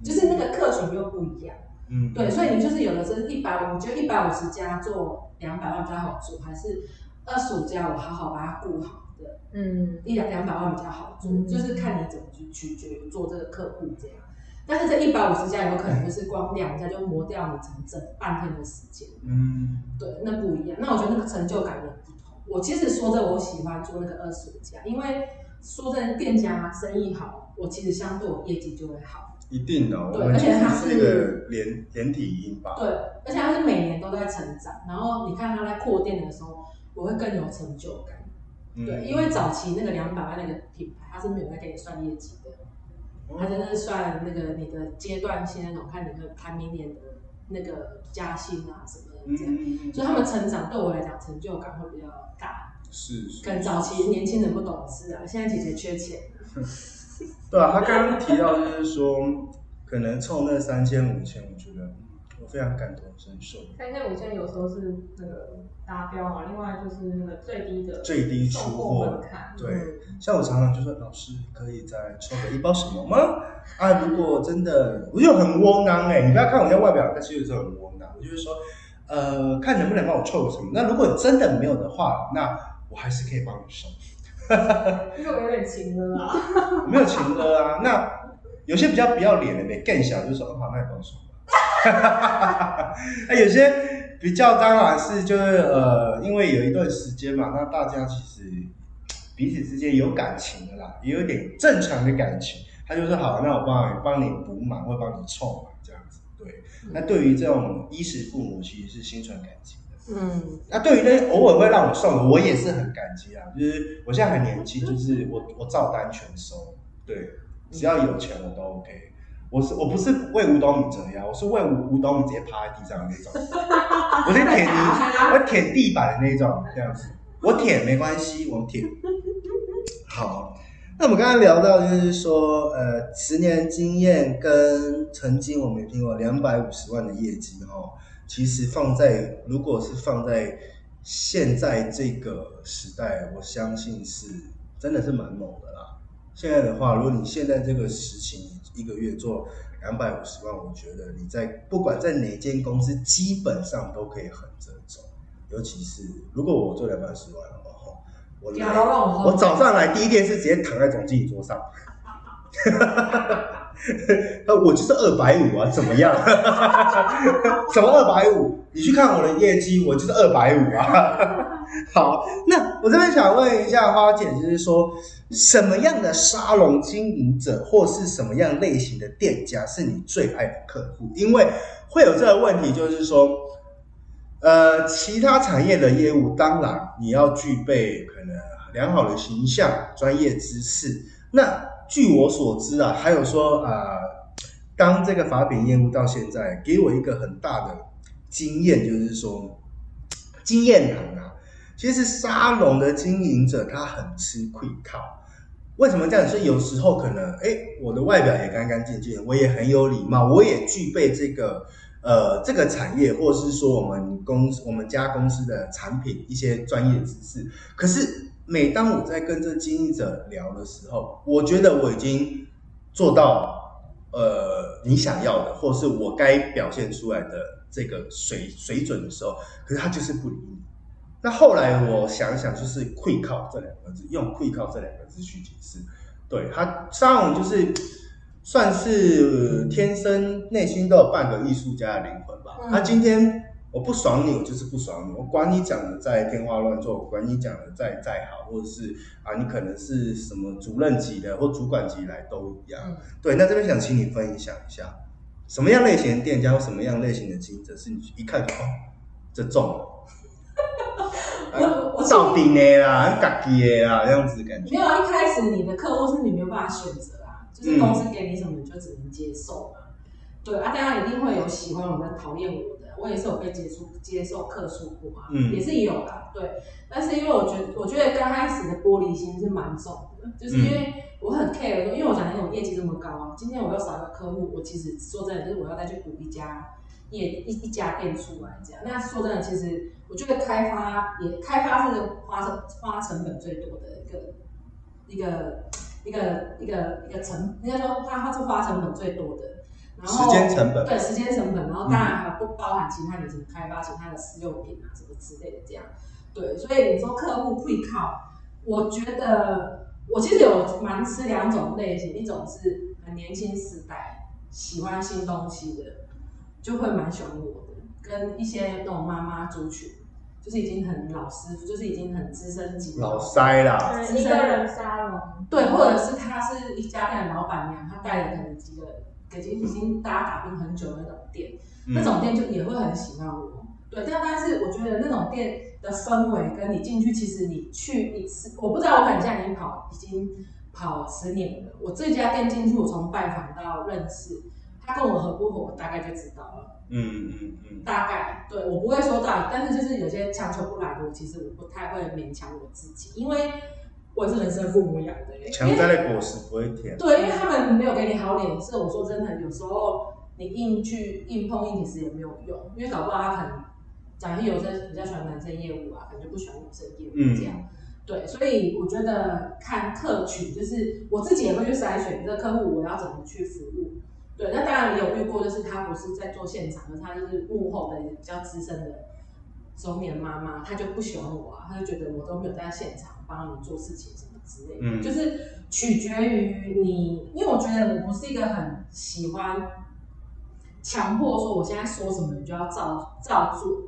嗯、就是那個客群又不一樣。嗯，對。對，所以你就是有的時候一百五，你覺得一百五十家做兩百萬比較好做，還是二十五家我好好把它顧好。對嗯，一兩兩百萬比較好做，嗯、就是看你怎麼去取決於做這個客戶這樣。但是這一百五十家有可能就是光兩家唉就磨掉你整整半天的時間。嗯，對，那不一樣。那我覺得那個成就感也不同。我其實說的，我喜歡做那個二十五家，因為說真的，店家、啊、生意好，我其實相對我業績就會好。一定的、喔對，對，而且它是連連體嬰吧？對，而且它是每年都在成長。然後你看它在擴店的時候，我會更有成就感。對，因為早期那個兩百萬那個品牌，他是沒有在給你算業績的，嗯、真的是算那個你的階段性那種，看你的排名年的那個加薪啊什麼的這樣，嗯、所以他們成長對我來講成就感會比較大。是，可能早期年輕人不懂事啊，現在姐姐缺錢。 對啊，他剛剛提到就是說， 可能湊那三千五千，我覺得。我非常感同身受。而且我現在有時候是那個達標啊，另外就是那個最低的、的最低出貨。對，對，像我常常就說，老師可以再抽個一包什麼嗎？啊，如果真的，我就很窩囊哎、欸，你不要看我現在外表，但是有時候很窩囊。我就是說，呃，看能不能幫我湊個什麼？那如果真的沒有的話，那我還是可以幫你收。哈哈，因為我有點情歌，啊。 沒有情歌啊，那有些比較不要臉的，更想就是說，好，那幫我收。哈，那、 欸、有些比較當然是就是呃，因為有一段時間嘛，那大家其實彼此之間有感情的啦，也有點正常的感情。他就說好，那我幫你幫你補滿，會幫你湊滿，這樣子。對，嗯、那對於這種衣食父母，其實是心存感情的。嗯，那對於那偶爾會讓我送的，我也是很感激啊。就是我現在很年輕，就是我我照單全收，對，只要有錢我都 OK。我是我不是為五斗米折腰，我是為五、五斗米直接趴在地上的那種，我在舔泥，我舔地板的那種，這樣子，我舔沒關係，我舔。好，那我們剛剛聊到就是說，呃，十年經驗跟曾經我沒聽過兩百五十萬的業績哦，其實放在如果是放在現在這個時代，我相信是真的是蠻猛的啦。現在的話，如果你現在這個時期。一個月做兩百五十萬，我覺得你在不管在哪間公司，基本上都可以橫着走。尤其是如果我做兩百五十萬的話，我我，我早上來第一天是直接躺在總經理桌上。嗯 我就是二百五啊，怎麼樣？ 什麼二百五？你去看我的業績，我就是二百五啊。 好，那我這邊想問一下花姐，就是說什麼樣的沙龍經營者或是什麼樣類型的店家是你最愛的客戶？因為會有這個問題，就是說，呃，其他產業的業務，當然你要具備可能良好的形象、專業知識，那。據我所知啊，還有說啊、呃，當這個髮品業務到現在，給我一個很大的經驗，就是說經驗談啊，其實沙龍的經營者他很吃虧，靠為什麼這樣？所以有時候可能，哎、欸，我的外表也乾干淨淨，我也很有禮貌，我也具備這個呃這個產業，或者是說我們公司我們家公司的產品一些專業知識，可是。每當我在跟這經營者聊的時候，我覺得我已經做到呃你想要的，或是我該表現出來的這個水水準的時候，可是他就是不理你。那後來我想一想，就是“愧靠”這兩個字，用“愧靠”這兩個字去解釋，對他，上總就是算是天生內心都有半個藝術家的靈魂吧。嗯、他今天。我不爽你，我就是不爽你。我管你講的再天花亂墜，我管你講的再再好，或者是啊，你可能是什麼主任級的或主管級的來都一樣。對，那這邊想請你分享一下，什麼樣類型的店家或什麼樣類型的經營者是你一看就哦，這、喔、中了， 啊、我我找定的啦，尬的啦，這樣子的感覺沒有。一開始你的客戶是你沒有辦法選擇啊，就是公司給你什麼你就只能接受。嗯、對啊，大家一定會有喜歡我們的，討厭我們。我也是有被接觸，接受客訴過啊，嗯、也是有的，對。但是因為我覺得，我覺得剛開始的玻璃心是蠻重的，就是因為我很 care，因為我講因為我業績這麼高啊，今天我又少一個客戶，我其實說真的，就是我要再去補一家店一一家店出來這樣。那說真的，其實我覺得開發也開發是花成花成本最多的一個一個一個一個一個，一個成，人家說他他是花成本最多的。然後時間成本，對，時間成本，然後當然還不包含其他的什麼開發、嗯、其他的試用品啊，什麼之類的這樣。對，所以你說客戶會、嗯、靠，我覺得我其實有蠻吃兩種類型，一種是很年輕時代喜歡新東西的，就會蠻喜歡我的；跟一些那種媽媽族群，就是已經很老師，就是已經很資深級老塞啦，對，資深，一個人沙龍，對，或者是他是一家店的老板娘，他帶了很多幾個人。已經已經，大家打拼很久的那種店，嗯、那種店就也會很喜歡我。對，但但是我覺得那種店的氛圍，跟你進去，其實你去一次，我不知道，我反正已經跑，已經跑十年了。我這家店進去，我從拜訪到認識他，跟我合不合，我大概就知道了。嗯嗯嗯，嗯大概對我不會說到，但是就是有些強求不來的，我其實我不太會勉強我自己，因為。我是人生父母養的，強摘的果實不會甜。對，因為他們沒有給你好臉色。我說真的，有時候你硬去硬碰硬其實也沒有用，因為搞不好他可能，假如有些比較喜歡男生業務啊，可能就不喜歡女生業務這樣。嗯、對，所以我覺得看客群，就是我自己也會去篩選這個客戶，我要怎麼去服務。對，那當然也有遇過，就是他不是在做現場，而他就是幕後的比較資深的中年媽媽，她就不喜歡我啊，她就覺得我都沒有在現場幫你做事情什麼之類的，嗯、就是取決於你，因為我覺得我不是一個很喜歡強迫說我現在說什麼你就要照照做，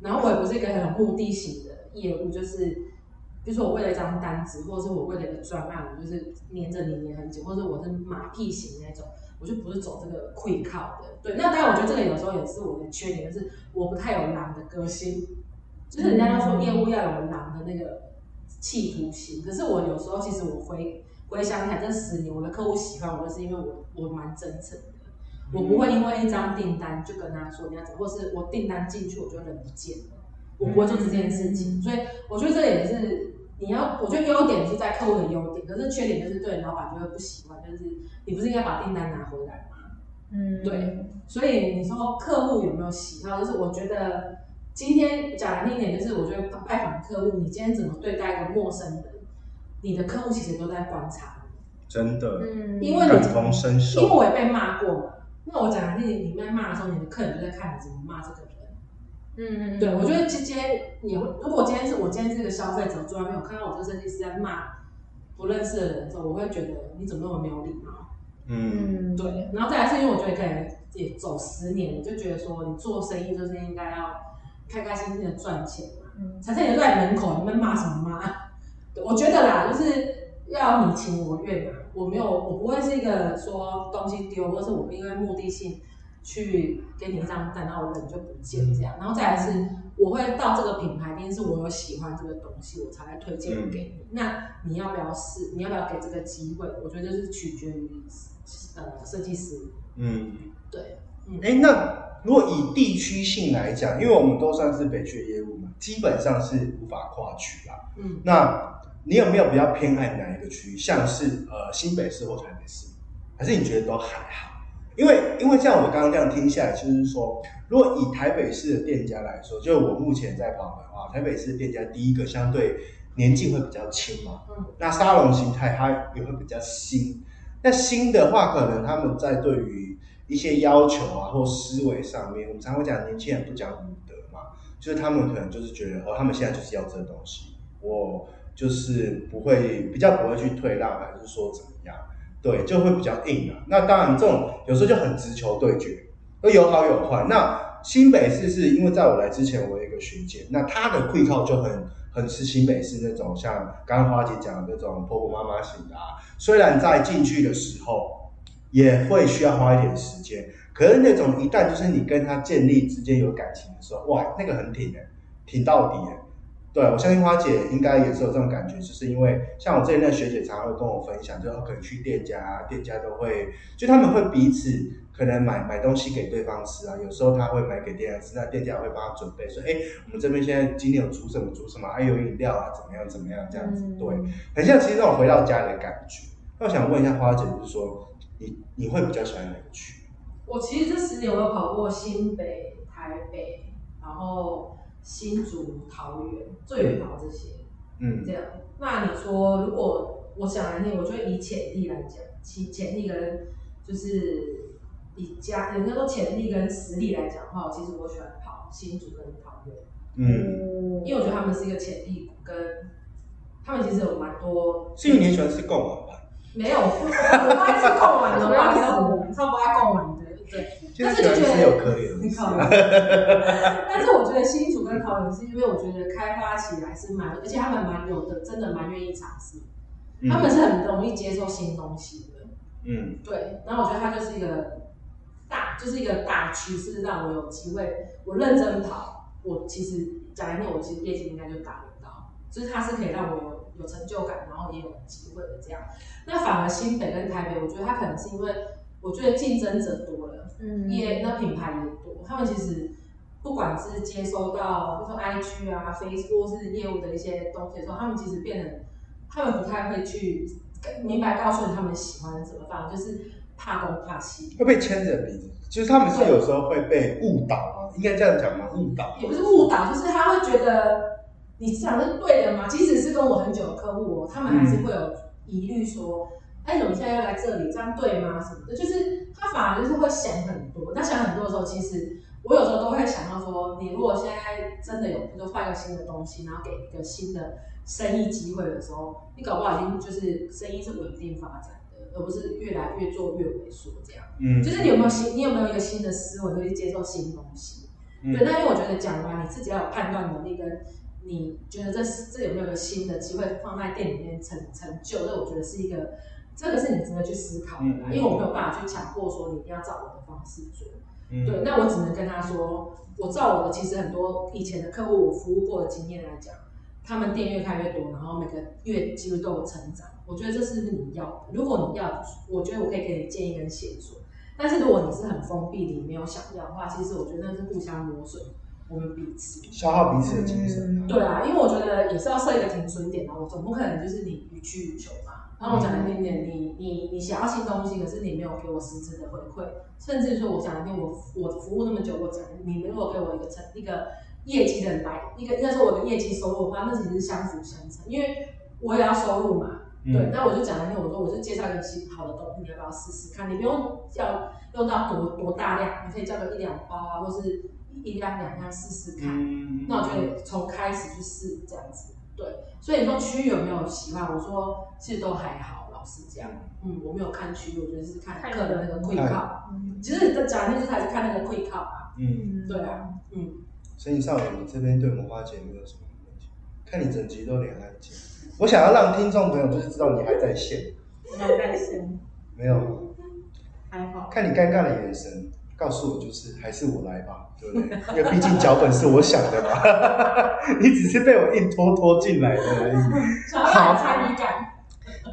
然後我也不是一個很有目的性的業務，就是就是我為了一張單子，或者是我為了一個專案，我就是黏着你黏很久，或者我是馬屁型那種。我就不是走這個會靠的，對。那當然，我覺得這個有時候也是我的缺點，就是我不太有狼的個性，就是人家都說業務要有狼的那個企圖心。可是我有時候其實我回回想起來這十年，我的客戶喜歡我，是因為我我蠻真誠的，我不會因為一張訂單就跟他說這樣子，或是我訂單進去我就人不見了，我不會做這件事情。所以我覺得這也是。你要，我覺得優點是在客戶的優點，可是缺點就是對老闆就會不喜歡。但是你不是應該把訂單拿回來嗎？嗯，對。所以你說客戶有沒有喜好？就是我覺得今天講難聽一點，就是我覺得拜訪、啊、客戶，你今天怎麼對待一個陌生人，你的客戶其實都在觀察你。真的，嗯，因為你感同身受，因為我也被罵過嘛。那我講難聽點，你在罵的時候，你的客人就在看你怎麼罵這個人。嗯，嗯嗯，對我覺得今天也會，如果今天是我今天是一個消費者，突然沒有看到我這個設計師在罵不認識的人的時候，我會覺得你怎麼那麼沒有禮貌？嗯，嗯，對，然後再來是因為我覺得可以，也走十年，我就覺得說你做生意就是應該要開開心心的賺錢嘛。嗯、才才也在門口，你們罵什麼罵？我覺得啦，就是要你情我願嘛。我沒有，我不會是一個說東西丟，或是我因為目的性。去給你帳單，然後人就不見這樣，嗯、然後再來是，我會到這個品牌店，是我有喜歡這個東西，我才來推薦給你。嗯、那你要不要試？你要不要給這個機會？我覺得是取決於呃設計師。嗯，對，嗯，哎、欸，那如果以地區性來講，因為我們都算是北區的業務嘛，基本上是無法跨區啦。嗯，那你有沒有比較偏愛哪一個區域？像是呃新北市或台北市，還是你覺得都還好？因為因為像我剛剛這樣聽下來，就是說，如果以台北市的店家來說，就我目前在跑的話，台北市店家第一個相對年紀會比較輕嘛，嗯，那沙龍形態它也會比較新。那新的話，可能他們在對於一些要求啊或思維上面，我們常會講年輕人不講武德嘛，就是他們可能就是覺得哦，他們現在就是要這個東西，我就是不會比較不會去退讓，還是說怎麼。對，就會比較硬了、啊。那當然，這種有時候就很直球對決，有好有壞。那新北市是因為在我來之前，我有一個學姐，那他的配套就很很是新北市那種，像剛剛花姐講的那種婆婆媽媽型的。啊，雖然在進去的時候也會需要花一點時間，可是那種一旦就是你跟他建立之間有感情的時候，哇，那個很挺的、欸，挺到底的、欸。對，我相信花姐應該也是有這種感覺，就是因為像我這一類學姐，常常會跟我分享，就可能去店家，啊，店家都會，就他們會彼此可能買買東西給對方吃啊，有時候他會買給店家吃，那店家也會幫他準備，說哎，我們這邊現在今天有煮什麼煮什麼，還、啊、有飲料啊，怎麼樣怎麼樣這樣子，嗯、對，很像其實這種回到家的感覺。那我想問一下花姐，就是說你你會比較喜歡哪個區？我其實這十年我有跑過新北、台北，然後。新竹桃園，最好這些，嗯，這樣。那你說，如果我想來聽，我覺得以潛力來講，其潛力跟就是以家人家說潛力跟實力來講的話，我其實我喜歡跑新竹跟桃園，嗯，因為我覺得他們是一個潛力股，跟他們其實有蠻多。是因為你也喜歡吃貢丸吧？沒有， 我愛吃貢丸的， 我還要去上外貢丸。 但是就覺得你考，但是我覺得新竹跟桃園，是因為我覺得開發起來是蠻，而且他們蠻有的，真的蠻願意嘗試，他們是很容易接受新東西的，嗯，嗯，對。然後我覺得它就是一個大，就是一個大趨勢，讓我有機會，我認真跑，我其實在來我其實業績應該就打得到，就是它是可以讓我有成就感，然後也有機會的這樣。那反而新北跟台北，我覺得它可能是因為。我覺得競爭者多了，嗯，也那品牌也多，他們其實不管是接收到，比如說 IG 啊、啊 Facebook 是業務的一些東西說，說他們其實變得，他們不太會去明白告訴你他們喜歡怎麼辦，就是怕東怕西，會被牽着鼻子。其、就、實、是、他們是有時候會被誤導對應該這樣講嘛？誤導、嗯、也不是誤導，就是他會覺得你想的是對的嗎？即使是跟我很久的客戶，他們還是會有疑慮說。嗯哎，我們現在要來這裡？這樣對嗎？什麼的，就是他反而就是會想很多。那想很多的時候，其實我有時候都會想到說，你如果現在真的有，就換一個新的東西，然後給一個新的生意機會的時候，你搞不好已經就是生意是穩定發展的，而不是越來越做越萎縮這樣。嗯，就是你有沒有新，你有沒有一個新的思維可以去接受新東西？嗯、對。那因為我覺得，講完你自己要有判斷能力，跟你覺得這這有沒有個新的機會放在店裡面成成就？這我覺得是一個。這個是你值得去思考的，因為我沒有辦法去強迫說你一定要照我的方式做。嗯、對，那我只能跟他說，我照我的。其實很多以前的客戶我服務過的經驗來講，他們店越開越多，然後每個月幾乎都有成長。我覺得這是你要的，如果你要，我覺得我可以給你建議跟線索。但是如果你是很封閉，你沒有想要的話，其實我覺得那是互相磨損，我們彼此消耗彼此的精神。對啊，因為我覺得也是要設一個停損點啊，我總不可能就是你予取予求吧。那、嗯、我講一點點，你你你，你想要新東西，可是你沒有給我實質的回饋，甚至說我講一點，我我服務那麼久，我講你如果給我一個成一個業績的來一個應該說我的業績收入的話，那其實是相輔相成，因為我也要收入嘛。對，嗯、那我就講一點，我說我就介紹個新好的東西，你要不要試試看？你不用要用到多多大量，你可以叫個一兩包啊，或是一兩兩樣試試看。那我、嗯嗯、就從開始去試這樣子。對，所以你說區域有沒有喜歡？我說其實都還好，老師這樣。嗯，我沒有看區域，我覺得是看個人那個會考。其實你在講，那就是還是看那個會考啊。嗯，對啊，嗯。所以，少爺，你這邊對我們花姐沒有什麼問題？看你整集都臉很僵。我想要讓聽眾朋友就是知道你還在線。我還在線。沒有。還好。看你尷尬的眼神。告訴我，就是還是我來吧，對不對？因為畢竟腳本是我想的嘛， 你只是被我硬拖拖進來的而已。好，參與感。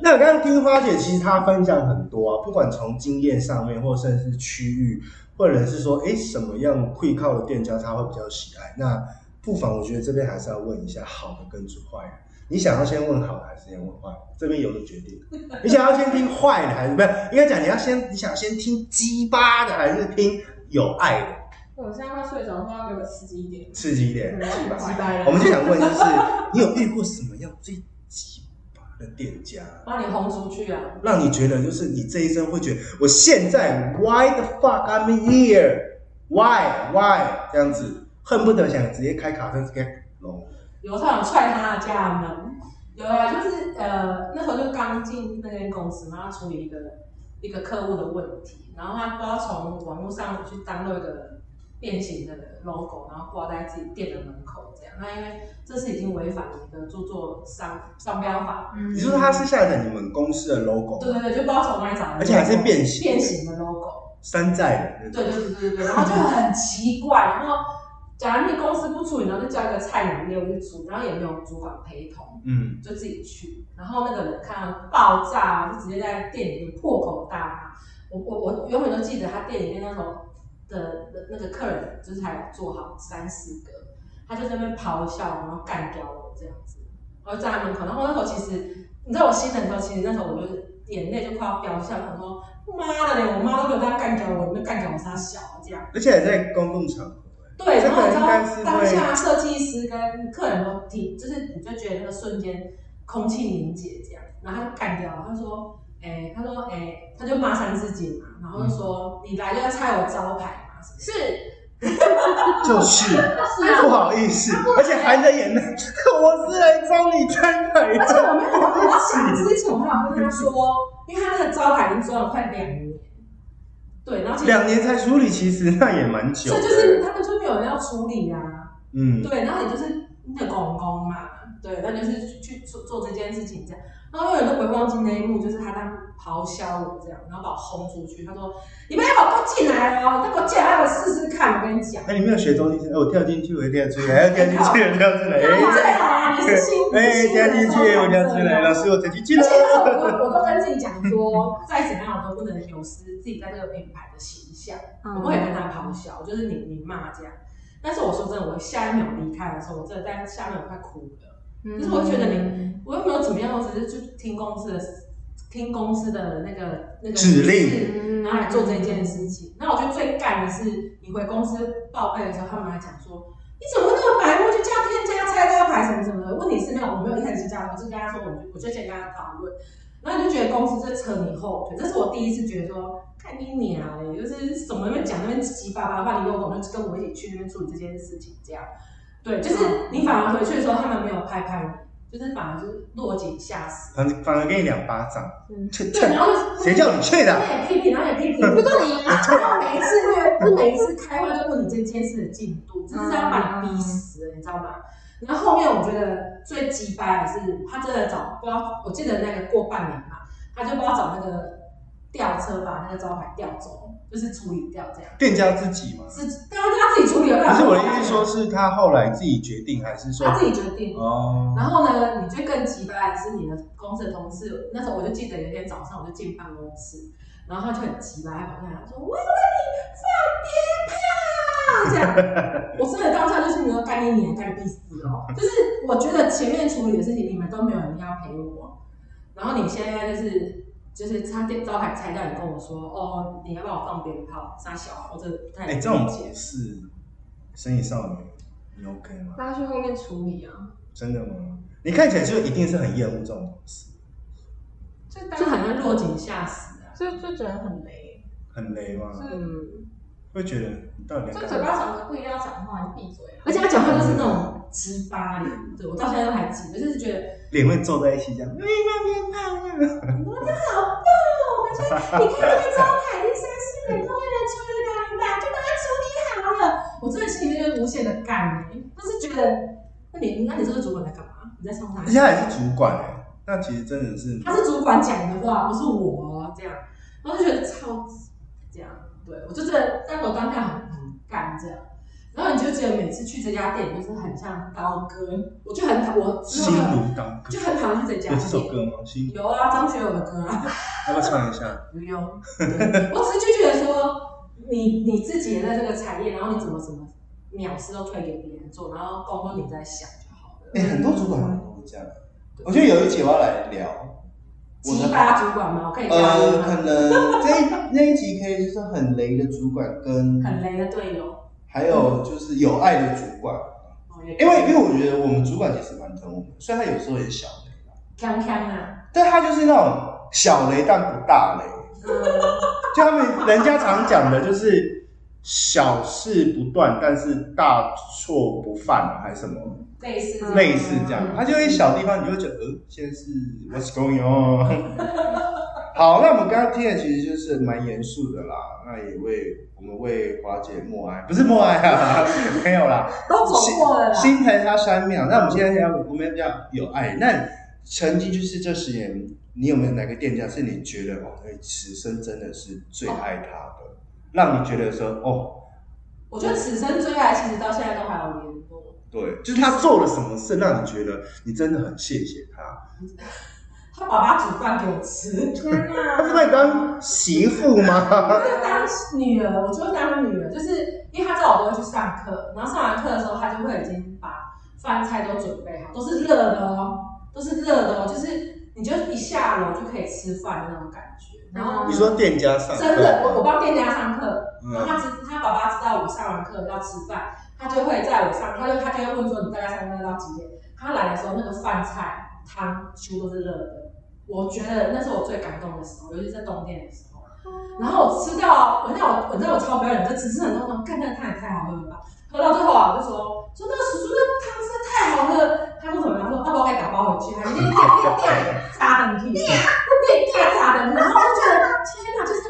那我剛剛聽花姐，其實她分享很多啊，不管從經驗上面，或甚至是區域，或者是說，哎，什麼樣會靠的店家她會比較喜愛。那不妨我覺得這邊還是要問一下，好的跟壞的。你想要先問好的還是先問壞的？這邊由你決定。你想要先聽壞的還是不是？應該講你要先，你想先聽雞巴的還是聽有愛的？我現在快睡着了，我要給我刺激一點。刺激一點，雞巴的。我們就想問，就是你有遇過什麼樣最雞巴的店家？把你轟出去啊！讓你覺得就是你這一生會覺得，我現在 Why the fuck I'm here? Why Why 這樣子恨不得想直接開卡車開龍。No? 有他有踹他的家門，有啊，就是呃那時候就剛進那間公司嘛，他處理一個一個客戶的問題，然後他不知道從網絡上去當了個變形的 logo，然後掛在自己店的門口這樣。那因為這是已經違反一個著作商商標法。嗯、你說他是下載你們公司的 logo？、嗯、對對對，就不知道從哪裡找、那個，而且還是變形變形的 logo，山寨的。對對對對對， 然後就很奇怪，然後。假如你公司不處理，然後就叫一個菜鳥業務組，然後也沒有主管陪同，嗯，就自己去。嗯、然後那個人看到爆炸，就直接在店裡面破口大罵。我我我永遠都記得他店裡面那時候的那那個客人，就是才做好三四個，他就在那邊咆哮，然後幹掉我這樣子。我就站在門口，然後那時候其實你知道我心疼的時候，其實那時候我就眼淚就快要飆下來，我說媽的，咧，我媽都沒有這樣幹掉我，你們幹掉我殺小這樣，而且還在公共場所。對，然後知道當下設計師跟客人都聽，就是你就覺得那個瞬間空氣凝結這樣，然後他就幹掉了。他說：“哎、欸，他說哎、欸，他就麻煩自己嘛，然後就說、嗯、你來就要拆我招牌嘛，是，是 就是後不好意思，說而且含着眼淚， 我是來找你招牌的。而且我沒有，我想之前我想跟他說，因為他那個招牌已經做了快兩年。”兩年才處理，其實那也蠻久。這就是他們就沒有人要處理啊。嗯，對，然後也就是那公公嘛，對，那就是去，去做做這件事情這樣。然後永遠都不會忘記那一幕，就是他當時咆哮我這樣，然後把我轟出去。他說：“你們要不進來哦，那我進來我試試看。”我跟你講，哎、欸，你沒有學東西，我跳進去，我跳出去，還要跳進去，跳進來，哎，欸、你最好。哎，天氣熱，欸、加我先出來。所以，我再去進來。我都跟自己講說， 再怎麼樣我都不能有失自己在這個品牌的形象。嗯、我不會跟他咆哮，就是你你罵這樣。但是我說真的，我下一秒離開的時候，我真的在下面我快哭了。可、嗯、是我就覺得你，我又沒有怎麼樣，我只是去聽公司的，聽公司的那個那個指令、嗯，然後來做這件事情。那、嗯、我覺得最尷尬的是，你回公司報備的時候，他們還講說，你怎麼那麼白我就加天加菜都要排什麼什麼的，問題是那樣，我沒有一開始就加，我是跟他說，我我就先跟他討論，然後你就覺得公司在扯你後腿。這是我第一次覺得說，看你娘，欸、就是怎麼那邊講那邊七七八八的話，你又可能就跟我一起去那邊處理這件事情，這樣對，就是你反而回去的時候，他們沒有拍拍你。就是反而就落井下石，反反而給你兩巴掌。對，然後誰叫你去的，批評然後也批評，不過你然後每一次，每一次開會就問你這件事的進度，這是要把你逼死了，你知道嗎？然後後面我覺得最機掰的是他真的找，不知道，我記得那個過半年嘛，他就幫我找那個吊車把那個招牌吊走。就是處理掉這樣，店家自己嘛，己。當然、啊、他自己處理了。不是我的意思，說是他後來自己決定，嗯、還是說他自己決定哦？嗯、然後呢，你就更奇葩的是你的公司的同事，哦、那時候我就記得有一天早上，我就進辦公室，然後他就很奇葩，他跑進來，說：“ 我問你，放鞭炮！”這樣， 我真的當下就是你要幹一年，幹該逼死哦。就是我覺得前面處理的事情，你們都沒有人要陪我，然後你現在就是。就是他點招牌菜，叫你跟我說，哦，你要不要放鞭炮殺小孩，我、哦、這不太……哎，這種解釋，生意少女，你 OK 嗎？拉去後面處理啊！真的嗎？你看起來就一定是很厭惡這種東西。就好像落井下石啊！就就覺得很雷，很雷嗎？嗯是，會覺得你到底……就嘴巴長得不一樣，講話就閉嘴、啊，而且他講話就是那種直巴的，嗯、對我到現在都還記得，就是覺得。臉會皺在一起講，別怕別怕呀！我真的好棒哦！我覺得你看那個周凱麗三四點鐘還在催單，就把他處理好了。我真的心裡面就是無限的感恩，就是覺得，那你，你，你那你這個主管在幹嘛？你在幫他？而且他也是主管哎、欸，那其實真的是他是主管講的話，不是我這樣，然後這樣，我就覺得超級這樣，對我就是但我剛剛很感動。然後你就覺得每次去這家店就是很像刀割，我就很，我心如刀，就很討厭去這家店。有這首歌嗎？有啊，張學友的歌啊要要不要唱一下？不用 我只是就覺得說，你你自己在這個產業，然後你怎麼什麼鳥事都推給別人做，然後工作你在想就好了。哎、欸，很多主管都是這樣。我覺得有一集我要來聊，奇葩主管嗎？我可以講嗎？呃，可能這一那一集可以就是很雷的主管跟很雷的隊友。還有就是有愛的主管，因為、嗯、因為我覺得我們主管其實蠻疼我們，雖然、嗯、他有時候也小雷，嗆嗆啊，但他就是那種小雷但不大雷，嗯、就他們人家常講的就是小事不斷， 但是大錯不犯，還是什麼類似類似這樣，這樣嗯、他就一小地方你就會覺得呃，現在是 What's going on？ 好，那我們剛剛聽的其實就是蠻嚴肅的啦。那也為我們為花姐默哀，不是默哀啊， 沒有啦， 新都走過了啦。心疼他三秒。那我們現在講，我們比較有愛。那曾經就是這十年，你有沒有哪個店家是你覺得哦，此生真的是最愛他的，哦、讓你覺得說哦，我覺得此生最愛，其實到現在都還有聯絡。對，就是他做了什麼事，讓你覺得你真的很謝謝他。 他爸爸煮飯給我吃，嗯啊、他是在當媳婦嗎？我 就當女兒，我就會當女兒。就是因為他知道我都會去上課，然後上完課的時候，他就會已經把飯菜都準備好，都是熱的哦、喔，都是熱的哦、喔。就是你就一下樓就可以吃飯那種感覺。然後、嗯、你說店家上真的，我我幫店家上課，嗯啊、然後他知他爸爸知道我上完課要吃飯，他就會在我上，他就他就會問說你大概上課到幾點？他來的時候那個飯菜湯全都是熱的。我覺得那是我最感動的時候，尤其在冬天的時候、啊。嗯、然後我吃到、啊，反正我反正我，我超不要臉就只吃很多湯，看看湯也太好喝了吧！喝到最後啊，我就說：說那、這個叔叔，的湯實在太好喝，他湯怎麼樣？然後說他說他把我給打包回去、啊，還一邊點邊掉渣的，你聽？點渣的，然後我就覺得天哪、啊，就是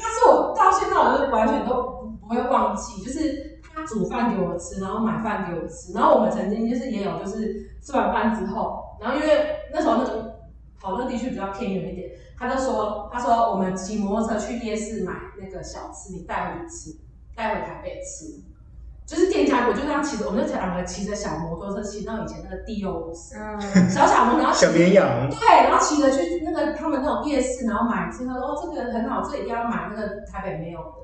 他是我到現在我都完全都不會忘記，就是他煮飯給我吃，然後買飯給我吃，然後我們曾經就是也有就是吃完飯之後，然後因為那時候那種、個。好，多地區比較偏遠一點。他就說：“他說我們騎摩托車去夜市買那個小吃，你帶回去吃，帶回台北吃。就是店家，我就這樣騎着，我們就兩個騎着小摩托車，騎到以前那個 Dio，嗯，小小摩托車，小綿羊，對，然後騎着去那個他們那種夜市，然後買之後，哦，這個很好，這一定要買那個台北沒有的，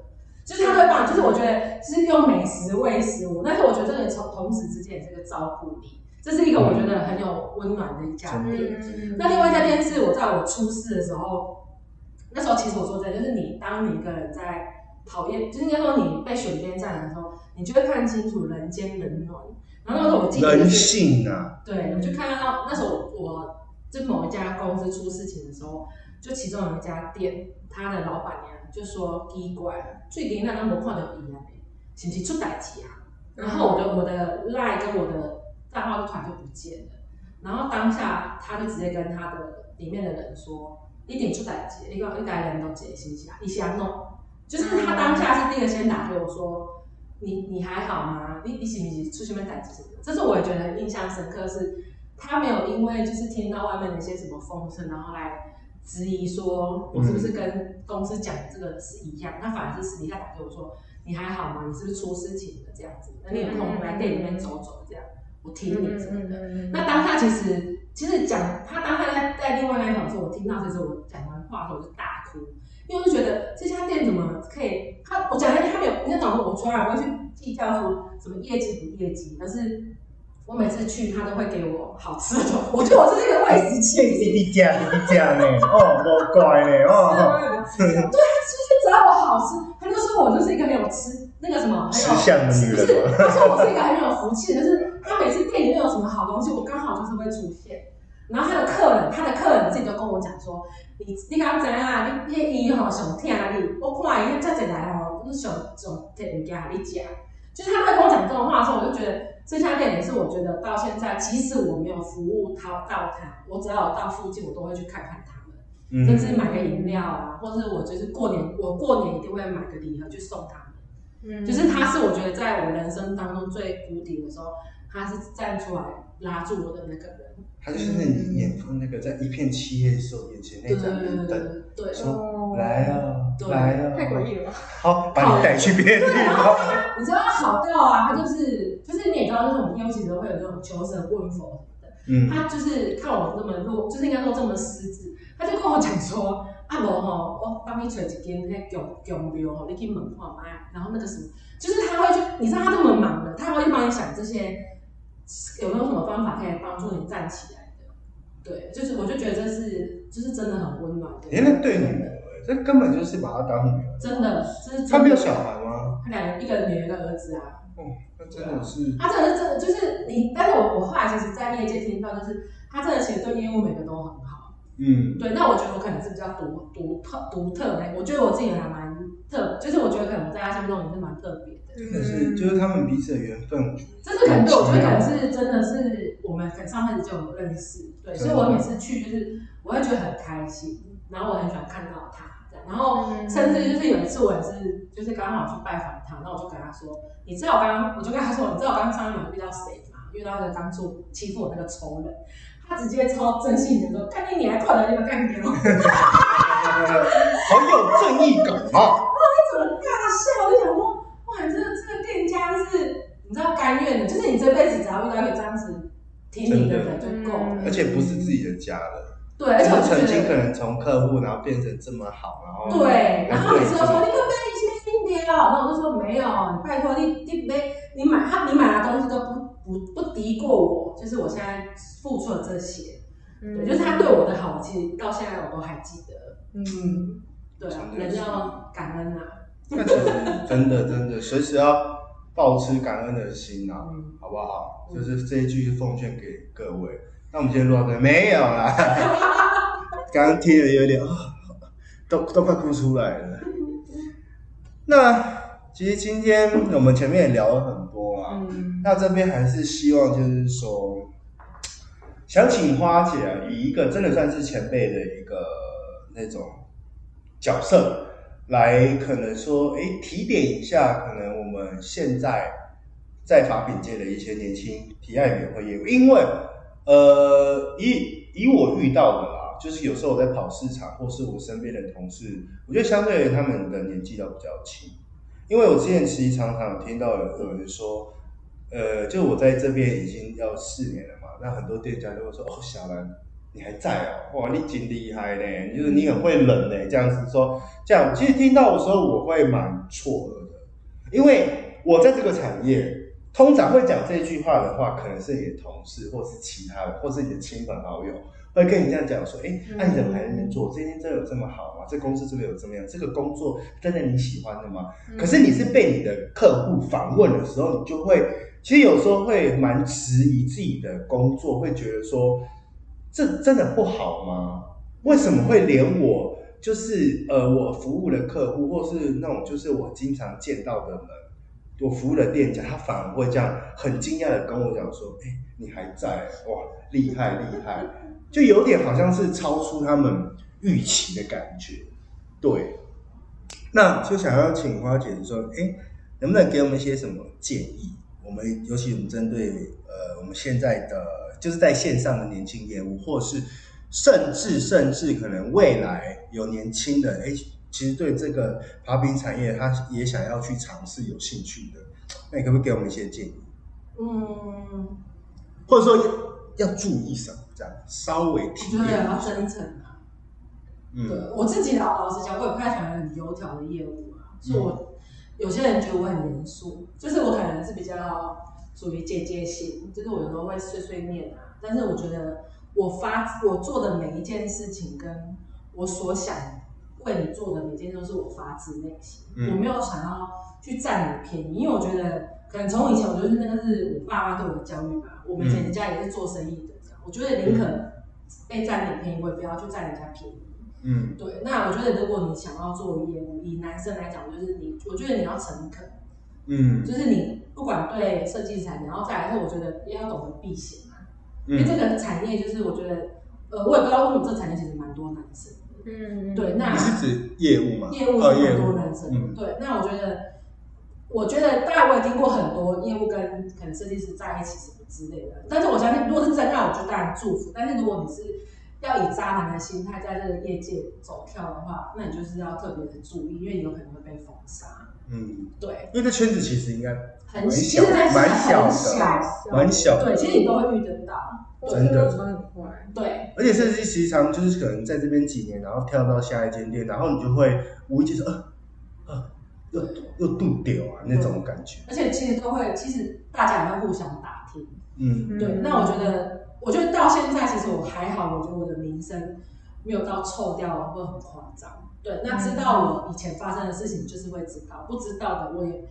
就是特別棒。嗯、就是我覺得，就是用美食餵食物，但是我覺得這個從同事之間這個照顧你。這是一個我覺得很有溫暖的一家店。嗯、那另外一家店是我在我出事的時候，那時候其實我說真的，就是你當你一個人在討厭，就是應該說你被選邊站的時候，你就會看清楚人間冷暖。然後那時候我記得、就是、人性啊，對，我就看到那時候我，就某一家公司出事情的時候，就其中有一家店，他的老板娘就說：“奇怪，最近那張門看到一樣，是不是出大事啊？”然後我的我的賴跟我的。電話就突然就不見了，然後當下他就直接跟他的裡面的人說：“ 一點出膽結，一個一打人都接心起來，你想弄？” 就是他當下是第一個先打給我，說：“你你還好嗎？你你是不是出什麼膽結？”這是我也覺得印象深刻是，是他沒有因為就是聽到外面的一些什麼風聲，然後來質疑說：“我是不是跟公司講的這個是一樣？” 那反而是私底下打給我說：“你還好嗎？你是不是出事情了？這樣子？那你有空來店 裡面走走這樣。”我聽你講的，那當下其實其實講他當下在在另外那一場時候，我聽到這時候，我講完話後我就大哭，因為我就覺得這家店怎麼可以？他我講他他沒有，你要講說我從來不去計較說什麼業績不業績，可是我每次去他都會給我好吃的，我覺得我是一個美食鑑賞家呢，哦，好乖呢，哦，對，就是只要我好吃，他就說我就是一個沒有吃。那個什麼，還有，是像女的女就是，他、那、說、個、我是一個很有福氣的，就 是他每次店裡面有什麼好東西，我剛好就是會出現。然後他的客人，他的客人自己就跟我講說：“你你剛才啊，你那伊吼上聽啊，你，你我看伊站起來吼，你上總替人家來一家。”就是他會跟我講這種話的時候，我就覺得這家店也是我覺得到現在，即使我沒有服務他到他，我只要我到附近，我都會去看看他們。嗯。甚至買個飲料啊，或是我就是過年，我過年一定會買個禮盒去送他。就是他是我覺得在我人生當中最谷底的時候，他是站出來拉住我的那個人。他就是那眼眼眶那個，在一片漆黑的時候，眼前那個。對對，說來對，來啊，太詭異了。好，把你帶去別地。對，然後你知道好到啊，他就是就是你也知道，那種，我們幽冥的時候會有那種求神問佛什麼的。嗯，他就是看我這麼弱，就是應該說這麼失智，他就跟我講說。啊不吼，我幫你取一件那強強料吼，你,給你去問看買。然後那個是，就是他會去，你知道他這麼忙的，他會去幫你想這些有沒有什麼方法可以幫助你站起來的。對，就是我就覺得這是，就是真的很溫暖的。哎，那對你們，這根本就是把他當女兒。真的，就是他沒有小孩嗎？他兩個，一個女兒，一個兒子啊。哦，那真的是。他真的是真，就是你。但是我我後來其實，在業界聽到，就是他真的其實對業務每個都很好。嗯，對，那我覺得我可能是比較獨獨特獨特的，我覺得我自己還蠻特，就是我覺得可能在他心目中也是蠻特別的。可、嗯、是，就是他們彼此的緣分，這是可能對，我覺得可能是真的，是我們很上輩子就有認識，對，對對所以，我每次去就是我會覺得很開心，然後我很喜歡看到他，然後甚至就是有一次，我也是，就是剛好去拜訪他，然後我就跟他說，你知道我剛剛，我就跟他說，你知道我剛剛上面有遇到誰嗎？遇到那個當初欺負我那個仇人。他直接超珍惜你的時候看見你還困難，你把幹掉， 好有正義感啊！啊，他、啊、怎麼大笑？我就想說，哇，這個這個店家是你知道甘願的，就是你這輩子只要遇到一個這樣子挺你的人就夠了，而且不是自己的家人，對，而且曾經可能從客戶，然後變成這麼好，然後，然後，然後，然後對，然後你知道說，對你可不、就是、一些那我就說沒有，你拜託你，你沒你買他，你買的東西都不不不敵過我，就是我現在付出了這些，嗯、對，就是他對我的好記，其到現在我都還記得，嗯，嗯對、啊，人要感恩啊，真的真的，隨時要抱持感恩的心吶、啊，嗯、好不好？嗯、就是這一句是奉勸給各位。那我們今天錄到這沒有啦，剛剛聽的有點都都快哭出來了。那其實今天我們前面也聊了很多啊，嗯、那這邊還是希望就是說，想請花姐啊，以一個真的算是前輩的一個那種角色，來可能說，誒、欸，提點一下，可能我們現在在髮品界的一些年輕提案員或業務，因為呃，以以我遇到的嘛。就是有時候我在跑市場，或是我身邊的同事，我覺得相對而言他們的年紀都比較輕。因為我之前其實常常聽到有個人說，呃，就我在這邊已經要四年了嘛。那很多店家都會說：“哦，小蘭，你還在哦，啊，哇，你真厲害呢，就是你很會冷呢。”這樣子說，這樣其實聽到的時候我會蠻錯愕的，因為我在這個產業，通常會講這句話的話，可能是你的同事，或是其他的，或是你的親朋好友。會跟你這樣講說：“哎，按、啊、你怎麼還能做？今天這天真的有這麼好嗎？這公司真的有這麼樣？這個工作真的你喜歡的嗎？”可是你是被你的客戶訪問的時候，你就會其實有時候會蠻質疑自己的工作，會覺得說：“這真的不好嗎？為什麼會連我就是呃，我服務的客戶，或是那種就是我經常見到的人，我服務的店家，他反而會這樣很驚訝的跟我講說：‘哎，你還在哇，厲害厲害！’”就有點好像是超出他們預期的感覺，對。那就想要請花姐說，哎、欸，能不能給我們一些什麼建議？我們尤其我們針對呃，我們現在的就是在線上的年輕業務，或是甚至甚至可能未來有年輕人，哎、欸，其實對這個髮品產業，他也想要去嘗試有興趣的，那你可不可以給我們一些建議？嗯，或者說要，要注意什麼？這樣稍微提煉啊，真誠啊。嗯，對我自己老老實講，我也不太喜歡很油條的業務啊。是、嗯、我有些人覺得我很嚴肅，就是我可能是比較屬於姐姐型，就、這、是、個、我有時候會碎碎念啊。但是我覺得我發我做的每一件事情，跟我所想為你做的每件事都是我發自內心，嗯、我沒有想要去占你便宜。因為我覺得可能從以前，我就是那個是我爸媽對我的教育吧、啊。我以前人家也是做生意的這樣。我覺得寧可被佔點便宜，嗯、不要去佔人家便宜。嗯，對。那我覺得，如果你想要做業務，以男生來講，就是你，我覺得你要誠懇。嗯，就是你不管對設計產業，然後再來是，我覺得也要懂得避險嘛。嗯、因為這個產業就是，我覺得，呃，我也不知道為什麼這產業其實蠻多男生。嗯。對，那是指業務嘛？業務蠻多男生。對，那我覺得。我覺得，大概我也聽過很多業務跟可能設計師在一起什麼之類的。但是我相信，如果是真的，我就當然祝福。但是如果你是要以渣男的心態在這個業界走跳的話，那你就是要特別的注意，因為你有可能會被封殺。嗯，對，因為這圈子其實應該很小，蠻小的，蠻小，對，其實你都會遇得到。真的，很對，對而且設計師時常，就是可能在這邊幾年，然後跳到下一間店，然後你就會無意間說，啊，要、啊。又度掉啊那種感覺、嗯，而且其實都會，其實大家也會互相打聽，嗯，對。那我覺得，我覺得到現在其實我還好，我覺得我的名聲沒有到臭掉或很誇張，對。那知道我以前發生的事情，就是會知道，嗯、不知道的我也，我也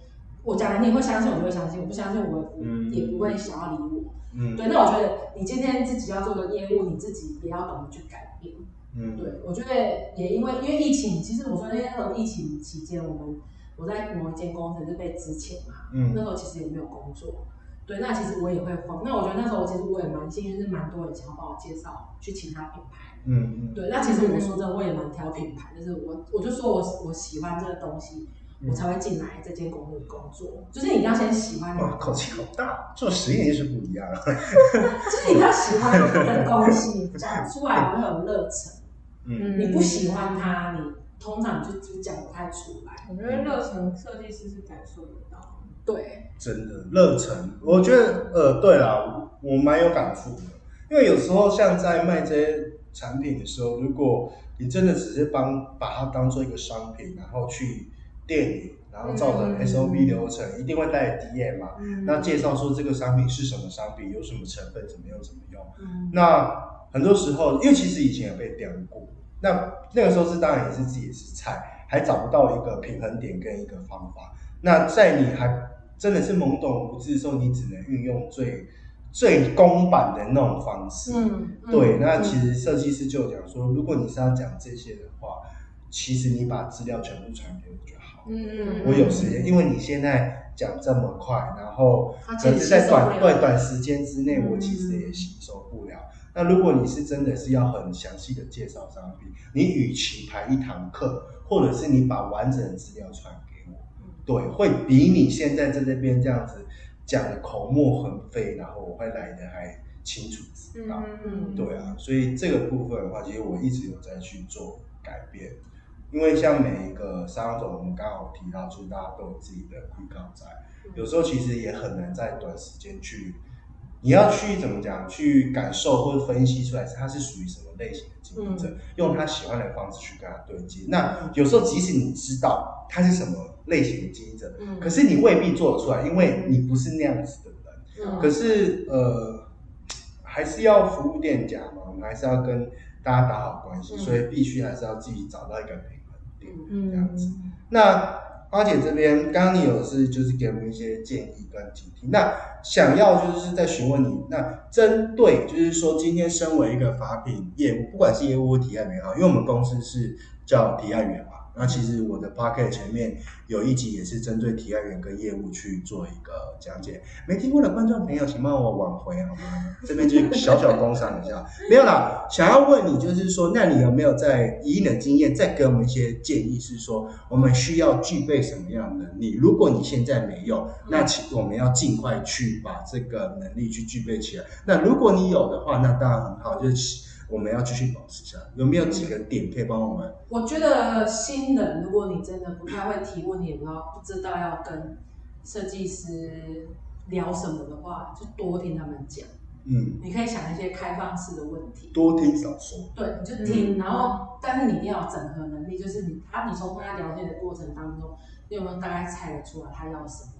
我講你會相信我就會相信，我不相信我，我也不會想要理我，嗯。對，那我覺得你今天自己要做個業務，你自己也要懂得去改變，嗯。對，我覺得也因為因為疫情，其實我說那那種疫情期間我們。我在某一間工程是被資遣嘛，嗯、那時候其實也沒有工作，對，那其實我也會慌。那我覺得那時候其實我也蠻幸運，就是蠻多人想要幫我介紹去其他品牌，嗯嗯，嗯，對。那其實我說真的，我也蠻挑品牌，嗯、就是我我就說我我喜歡這個東西，我才會進來這間公司工作。嗯、就是你要先喜歡，哇，口氣好大，做實驗是不一樣 就是你要喜歡這個東西， 你講出來有沒有熱忱。嗯，嗯你不喜歡它，啊，你。通常就就講不太出來，嗯、我覺得熱誠設計師是感受得到的，對，真的熱誠，我覺得呃，對啦，我蠻有感觸的，因為有時候像在賣這些產品的時候，如果你真的只是幫把它當做一個商品，然後去店裡，然後照着 SOP 流程，嗯、一定會帶 DM 嘛，嗯、那介紹說這個商品是什麼商品，有什麼成分，怎麼用怎麼用，嗯、那很多時候，因為其實以前也被丟過。那那個時候是當然也是自己也是菜，還找不到一個平衡點跟一個方法。那在你還真的是懵懂無知的時候，你只能運用最最公版的那種方式。嗯、對。嗯、那其實設計師就講說，如果你是要講這些的話，嗯、其實你把資料全部傳給我就好。嗯嗯，我有時間，嗯、因為你現在講這麼快，然後可是在短短短時間之內，嗯、我其實也吸收不了。那如果你是真的是要很詳細的介紹商品，你與其排一堂課，或者是你把完整的資料傳給我，對，會比你現在在這邊這樣子講的口沫橫飛，然後我會來的還清楚知道，嗯嗯嗯對啊，所以這個部分的話，其實我一直有在去做改變，因為像每一個商總，我們剛好提到出、就是、大家都有自己的預告在，有時候其實也很難在短時間去。你要去怎麼講？去感受或者分析出來是他是屬於什麼類型的經營者，嗯、用他喜歡的方式去跟他對接。那有時候即使你知道他是什麼類型的經營者，嗯、可是你未必做得出來，因為你不是那樣子的人。嗯、可是呃，還是要服務店家嘛，我們還是要跟大家打好關係，所以必須還是要自己找到一個平衡點，這樣子。嗯、那。花姐這邊，剛剛你有的是就是給我們一些建議跟警惕，那想要就是在詢問你，那針對就是說今天身為一個髮品業務，不管是業務或提案員好，因為我們公司是叫提案員嘛。那其實我的 Podcast 前面有一集也是針對提案員跟業務去做一個講解，沒聽過的觀眾朋友，請幫我挽回啊好嗎？這邊就小小工商一下， 沒有啦，想要問你，就是說，那你有沒有在以你的經驗，再給我們一些建議，是說我們需要具備什麼樣的能力？如果你現在沒有，那我們要盡快去把這個能力去具備起來。那如果你有的話，那當然很好，就是。我們要繼續保持下，有沒有幾個點可以幫我們？啊？我覺得新人，如果你真的不太會提問，你也不知，不知道要跟設計師聊什麼的話，就多聽他們講。嗯，你可以想一些開放式的問題。多聽少說。對，你就聽，嗯、然後但是你一定要整合能力，就是你他，啊，你從跟他聊天的過程當中，你有沒有大概猜得出來他要什麼？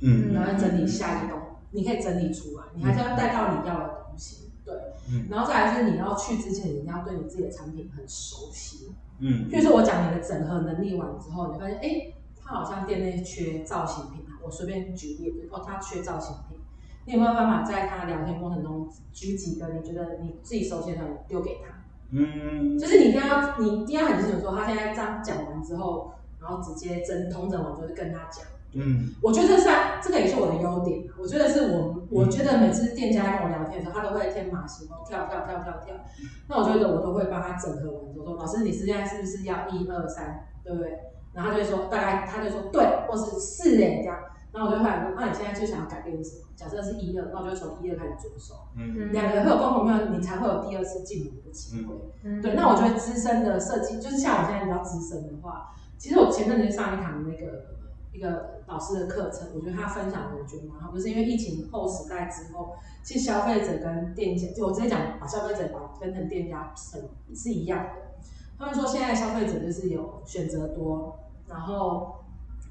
嗯，然後整理下一個東，嗯、你可以整理出來，你還是要帶到你要的東西。嗯嗯對，嗯，然後再來就是你要去之前，你要對你自己的產品很熟悉，嗯，就、嗯、是我講你的整合能力完之後，你發現哎，他好像店內缺造型品啊，我隨便舉個例子，哦，他缺造型品，你有沒有辦法在他聊天過程中舉幾個你覺得你自己熟悉的丟給他？嗯，嗯就是你一定要你一定要很清楚說，他現在這樣講完之後，然後直接針通整完，就是跟他講。嗯，我覺得算，這個也是我的優點。我覺得是我，我覺得每次店家跟我聊天的時候，嗯、他都會天馬行空跳跳跳跳跳。那我覺得我都會幫他整合完之後，說老師，你是現在是不是要一二三，對不對？然後他就會說大概，他就說對，或是四點這樣。那我就會來說，那、啊、你現在最想要改變什麼？假設是一二，那我就從一二開始着手。嗯嗯。兩個人會有共同朋友你才會有第二次進入的機會。嗯。對，嗯、那我就會資深的設計，就是像我現在比較資深的話，其實我前陣子就上一堂那個。一個老師的課程，我覺得他分享的我覺得蠻好，不、就是因為疫情後時代之後，其實消費者跟店家，就我直接講、啊，消費者變成店家是是一樣的。他們說現在消費者就是有選擇多，然後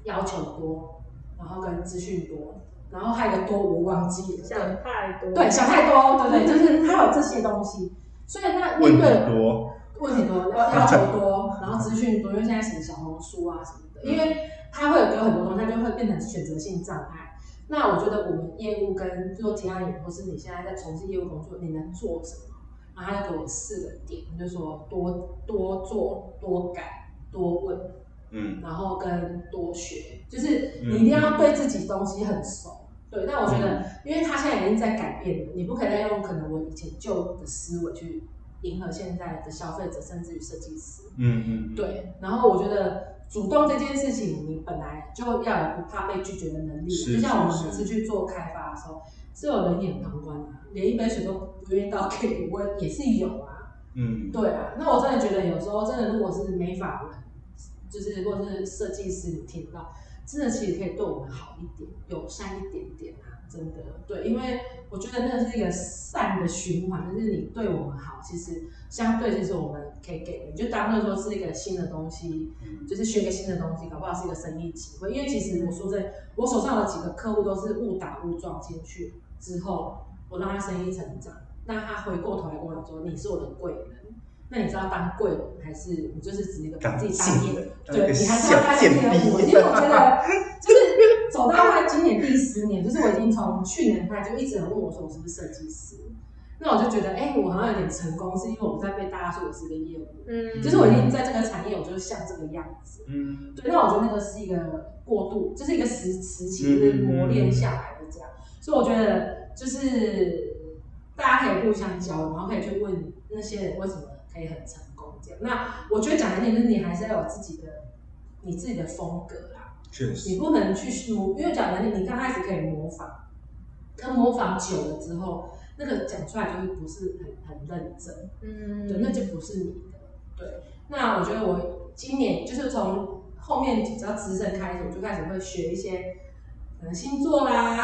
要求多，然後跟資訊多，然後還有一個多我忘記了，想太多，對，想太多，對對,對， 就是他有這些東西，所以他問很多，問題多，要求多，然後資訊多，因為現在什麼小紅書啊什麼的，因為。他會有給很多東西，他就會變成選擇性障礙。那我覺得我們業務跟做其他人，或是你現在在從事業務工作，你能做什麼？然後他就給我四個點，就是、說多多做、多改、多問，嗯、然後跟多學，就是你一定要對自己東西很熟。對，那我覺得，因為他現在已經在改變了，你不可以再用可能我以前舊的思維去迎合現在的消費者，甚至於設計師。嗯嗯，嗯嗯對。然後我覺得。主動這件事情，你本來就要有不怕被拒絕的能力。是是是，就像我們每次去做開發的時候，是有冷眼旁觀的，連一杯水都不願意倒給。我也是有啊。嗯。對啊，那我真的覺得有時候真的，如果是沒法問，就是如果是設計師聽到，真的其實可以對我們好一點，友善一點點啊！真的，對，因為我覺得那是一個善的循環，就是你對我們好，其實相對就是我們可以給你就當做說是一個新的東西，嗯、就是學個新的東西，搞不好是一個生意機會。因為其實我說這，我手上的幾個客戶都是誤打誤撞進去之後，我讓他生意成長，那他回過頭來跟我說，你是我的貴人。那你知道當貴人還是你就是一個把自己當貴對，你還笑、那個、賤逼。因為我覺得。 走到今年第十年，就是我已經從去年開始就一直很問我說，我是不是設計師。那我就覺得哎、欸，我好像有點成功，是因為我在被大家說我是個業務，嗯，就是我已經在這個產業，我就是像這個樣子，嗯，對。那我覺得那個是一個過渡，就是一個時時期磨練下來的這樣，嗯嗯嗯嗯嗯、所以我覺得就是大家可以互相交流，然後可以去問那些人為什麼可以很成功這樣。那我覺得講一點，就是你還是要有自己的你自己的風格。確實，你不能去輸，因為講能力，你剛開始可以模仿，可模仿久了之後，那個講出來就是不是很很認真，嗯，對，那就不是你的。對，那我覺得我今年就是從後面比較資深開始，我就開始會學一些、呃、星座啦，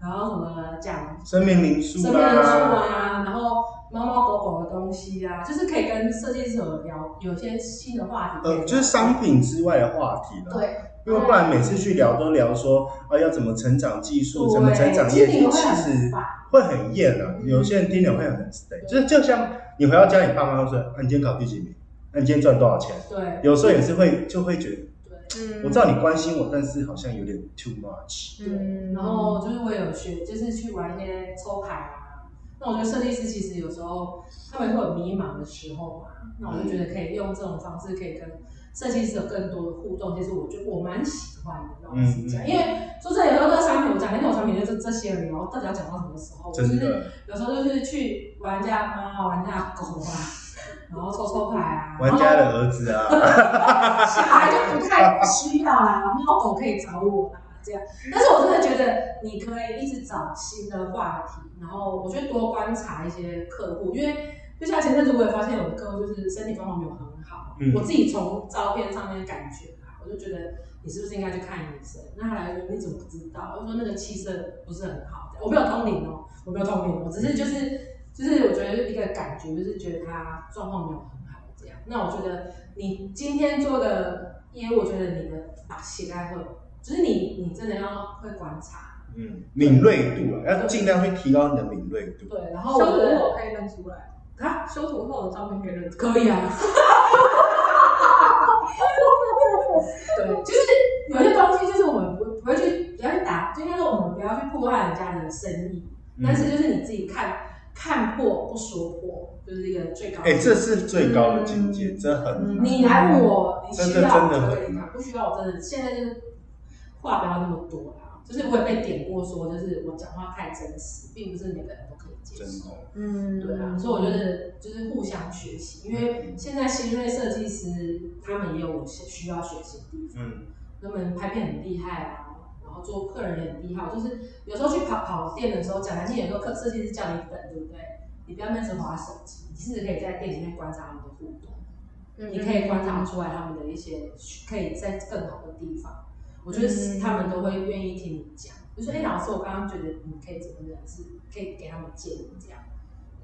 然後什麼講生命靈數、生命靈數啊，然後貓貓狗狗的東西啊，就是可以跟設計師有聊有些新的話題、呃，就是商品之外的話題吧，對。因為不然每次去聊都聊說，啊要怎麼成長技術，怎麼成長業績，其實會很厭啊。有些人聽了會很 stay，就是就像你回到家，你爸媽都說：“啊，你今天考第幾名？你今天賺多少錢？”對，有時候也是會就會覺得，我知道你關心我，但是好像有點 too much。對，然後就是我有學，就是去玩一些抽牌啊。那我覺得設計師其實有時候他們會有迷茫的時候嘛。那我就覺得可以用這種方式可以跟設計師有更多的互動，其實我覺得我蠻喜歡的這樣子、嗯、因為說真的，有時候商品我講很多商品，就是這些人，然後大家講到什麼時候，的我就是有時候就是去玩下貓、哦，玩下狗啊，然後抽抽牌啊，然後玩家的兒子啊，小孩就不太需要啦，貓狗可以找我啊這樣，但是我真的覺得你可以一直找新的話題，然後我覺得多觀察一些客戶，因為就像前陣子我也發現有個，就是身體狀況比好。好，我自己從照片上面感覺啊，我就覺得你是不是應該去看醫生？那他來說你怎麼不知道？我、就是、說那個氣色不是很好，我沒有通靈哦、喔，我沒有通靈哦、喔，嗯、只是就是就是我覺得一個感覺，就是覺得他狀況沒有很好這樣。那我覺得你今天做的，因為我覺得你的膝蓋會，只，就是你你真的要會觀察，嗯，對敏銳度啊，要盡量去提高你的敏銳度。對，然後我覺得我可以認出來。啊，修圖後的照片給人可以啊，對，就是有些東西就是我們不不會去不要去打，就是說我們不要去破壞人家的生意。嗯、但是就是你自己看看破不說破，就是一個最高的。哎、欸，這是最高的境界，這很。你來問我，嗯、你需要我跟你講，不需要我。真的，現在就話不要那麼多。就是我也被點過說，就是我講話太真實，並不是每個人都可以接受。好嗯，對啊，所以我覺得就是互相學習，因為現在新銳設計師他們也有需要學習的地方。嗯、他們拍片很厲害啊，然後做客人也很厲害。就是有時候去跑跑店的時候，講難聽點說，客設計師叫你等，對不對？你不要一直滑手機，你甚至可以在店裡面觀察他們的互動，嗯嗯，你可以觀察出來他們的一些可以在更好的地方。我覺得他們都會願意聽你講。就說：“哎、欸，老師，我剛剛覺得你可以怎麼樣是可以給他們建議這樣。”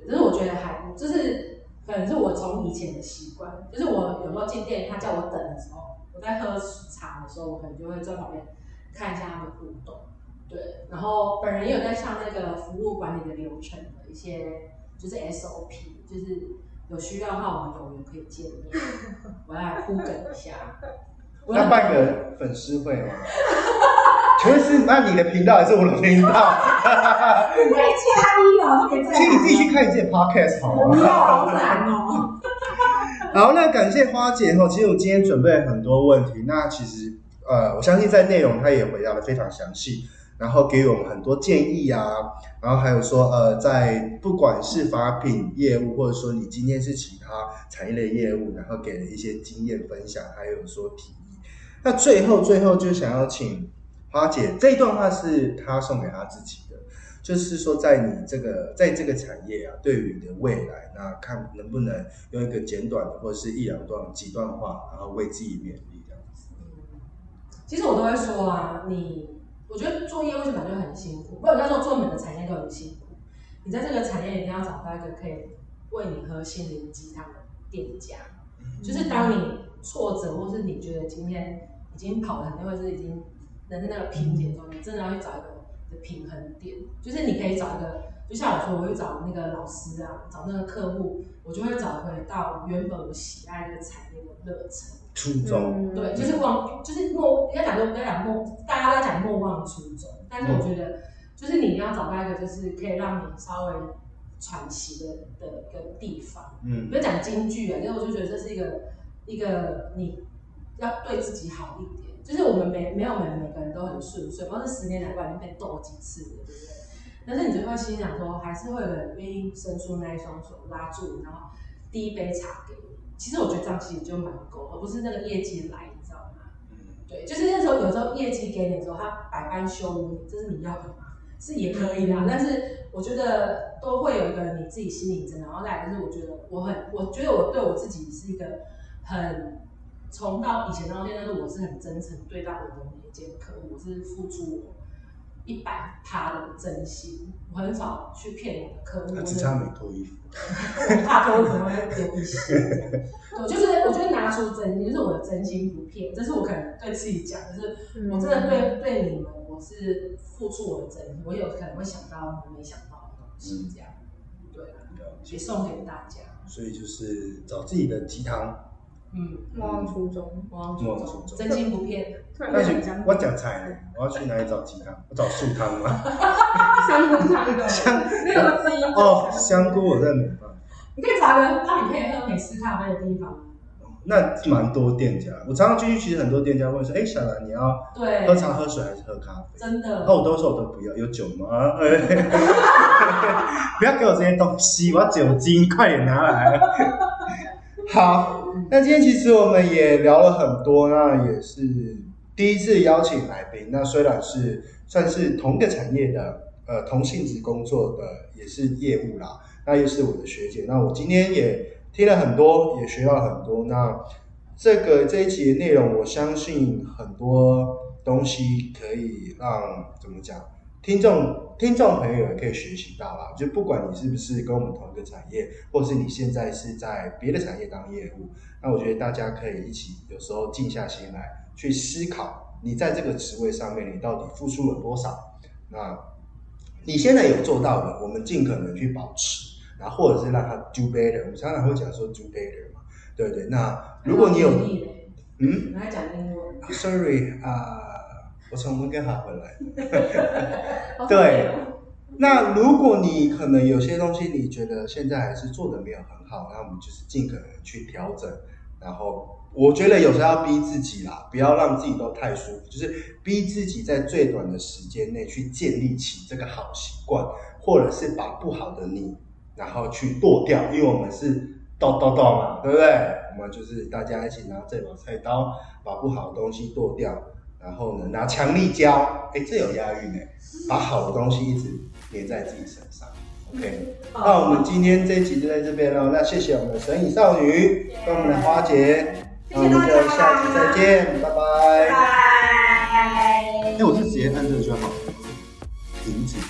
但是我覺得還就是，可能是我從以前的習慣，就是我有時候進店，他叫我等的時候，我在喝茶的時候，我可能就會在旁邊看一下他們的互動。對，然後本人也有在上那個服務管理的流程的一些，就是 SOP，就是有需要的話，我們有緣可以見面。我要來呼梗一下。 那半個粉絲會，喔，確實， 那你的頻道還是我的頻道？哈哈哈哈哈！可以加一哦，可以加。你自己看一的 Podcast 好嗎？好難哦，哈哈，那感謝花姐哈。其實我今天準備了很多問題，那其實呃，我相信在內容他也回答的非常詳細，然後給我們很多建議啊，然後還有說呃，在不管是髮品業務，或者說你今天是其他產業類業務，然後給了一些經驗分享，還有說提。那最後，最後就想要請花姐這一段話是她送給她自己的，就是說，在你這個在這個產業啊，對於你的未來，那看能不能用一個簡短的或者是一兩段幾段話，然後為自己勉勵這樣子、嗯。其實我都會說啊，你我覺得做業為什麼就很辛苦？我那時候做每個產業都很辛苦，你在這個產業一定要找到一個可以為你喝心靈雞湯的店家，嗯、就是當你挫折或是你覺得今天。已經跑了很多或者是已經能在那個瓶頸中，你真的要去找一個平衡點，就是你可以找一個，就像我說，我去找那個老師啊，找那個客戶，我就會找回到原本我喜愛的產業的熱忱初中、嗯。初衷對，就是光，就是莫，應該講都講莫，大家都在講莫忘初衷，但是我覺得，就是你要找到一個，就是可以讓你稍微喘息的的一個地方。嗯，不要講京劇啊，因為我就覺得這是一個一個你。要對自己好一點，就是我們每沒，沒有每每個人都很順遂，所以，包括這十年來，外面被逗幾次對不對？但是你就會心想說，還是會有人願意伸出那一雙手拉住，然後第一杯茶給你。其實我覺得這樣其實就蠻夠，而不是那個業績來，你知道嗎？嗯、對，就是那時候有時候業績給你的時候，他百般羞辱你，這是你要的嗎？是也可以啦，嗯、但是我覺得都會有一個你自己心裡真的後來。但是我覺得我很，我覺得我對我自己是一個很。從到以前到現在，是我是很真誠對待我的每一件客戶，我是付出我一百趴的真心，我很少去騙、啊、我的客戶。我只差沒脫衣服，脫了可能有點。我就是，我就拿出真心，就是我的真心不騙。這是我可能對自己講，就是我真的對、嗯、對你們，我是付出我的真心，我有可能會想到你們沒想到的東西，嗯、這樣對、啊，可以送給大家。所以就是找自己的雞湯。嗯，莫忘初衷，莫忘初衷，真心不騙。但是，我講菜，我要去哪裡找雞湯？我找素湯嗎？香菇湯，沒有之一哦。香菇我在南方。你去找一個讓你可以喝美式咖啡的地方，那蠻多店家。我常常去，其實很多店家會說：“哎，小蘭，你要對喝茶、喝水還是喝咖啡？”真的。那我都說我都不要，有酒嗎？不要給我這些東西，我酒精快點拿來。好，那今天其實我們也聊了很多，那也是第一次邀請來賓。那雖然是算是同一個產業的，呃，同性質工作的，也是業務啦。那又是我的學姐，那我今天也聽了很多，也學到了很多。那這個這一集的內容，我相信很多東西可以讓怎麼講？聽眾聽眾朋友也可以學習到啦，就不管你是不是跟我們同一個產業，或是你現在是在別的產業當業務，那我覺得大家可以一起有時候靜下心來去思考，你在這個職位上面你到底付出了多少？那你現在有做到的，我們盡可能去保持，然後或者是讓它 do better。我們常常會講說 do better 嘛，對對。那如果你有，嗯，你還講英文啊，Sorry 啊，uh，我從烏根蘭回來， 對。那如果你可能有些東西，你覺得現在還是做的沒有很好，那我們就是盡可能去調整。然後我覺得有時候要逼自己啦，不要讓自己都太舒服，就是逼自己在最短的時間內去建立起這個好習慣，或者是把不好的你，然後去剁掉。因為我們是剁、剁、剁嘛，對不對？我們就是大家一起拿這把菜刀把不好的東西剁掉。然後呢，拿強力膠，誒，這有押韻哎，把好的東西一直粘在自己身上，OK。那我們今天這一集就在這邊嘍，那謝謝我們的神隱少女，跟謝我們的花姐，謝謝，那我們就下期再見，拜拜。拜拜哎，我是直接按這個就好，停止。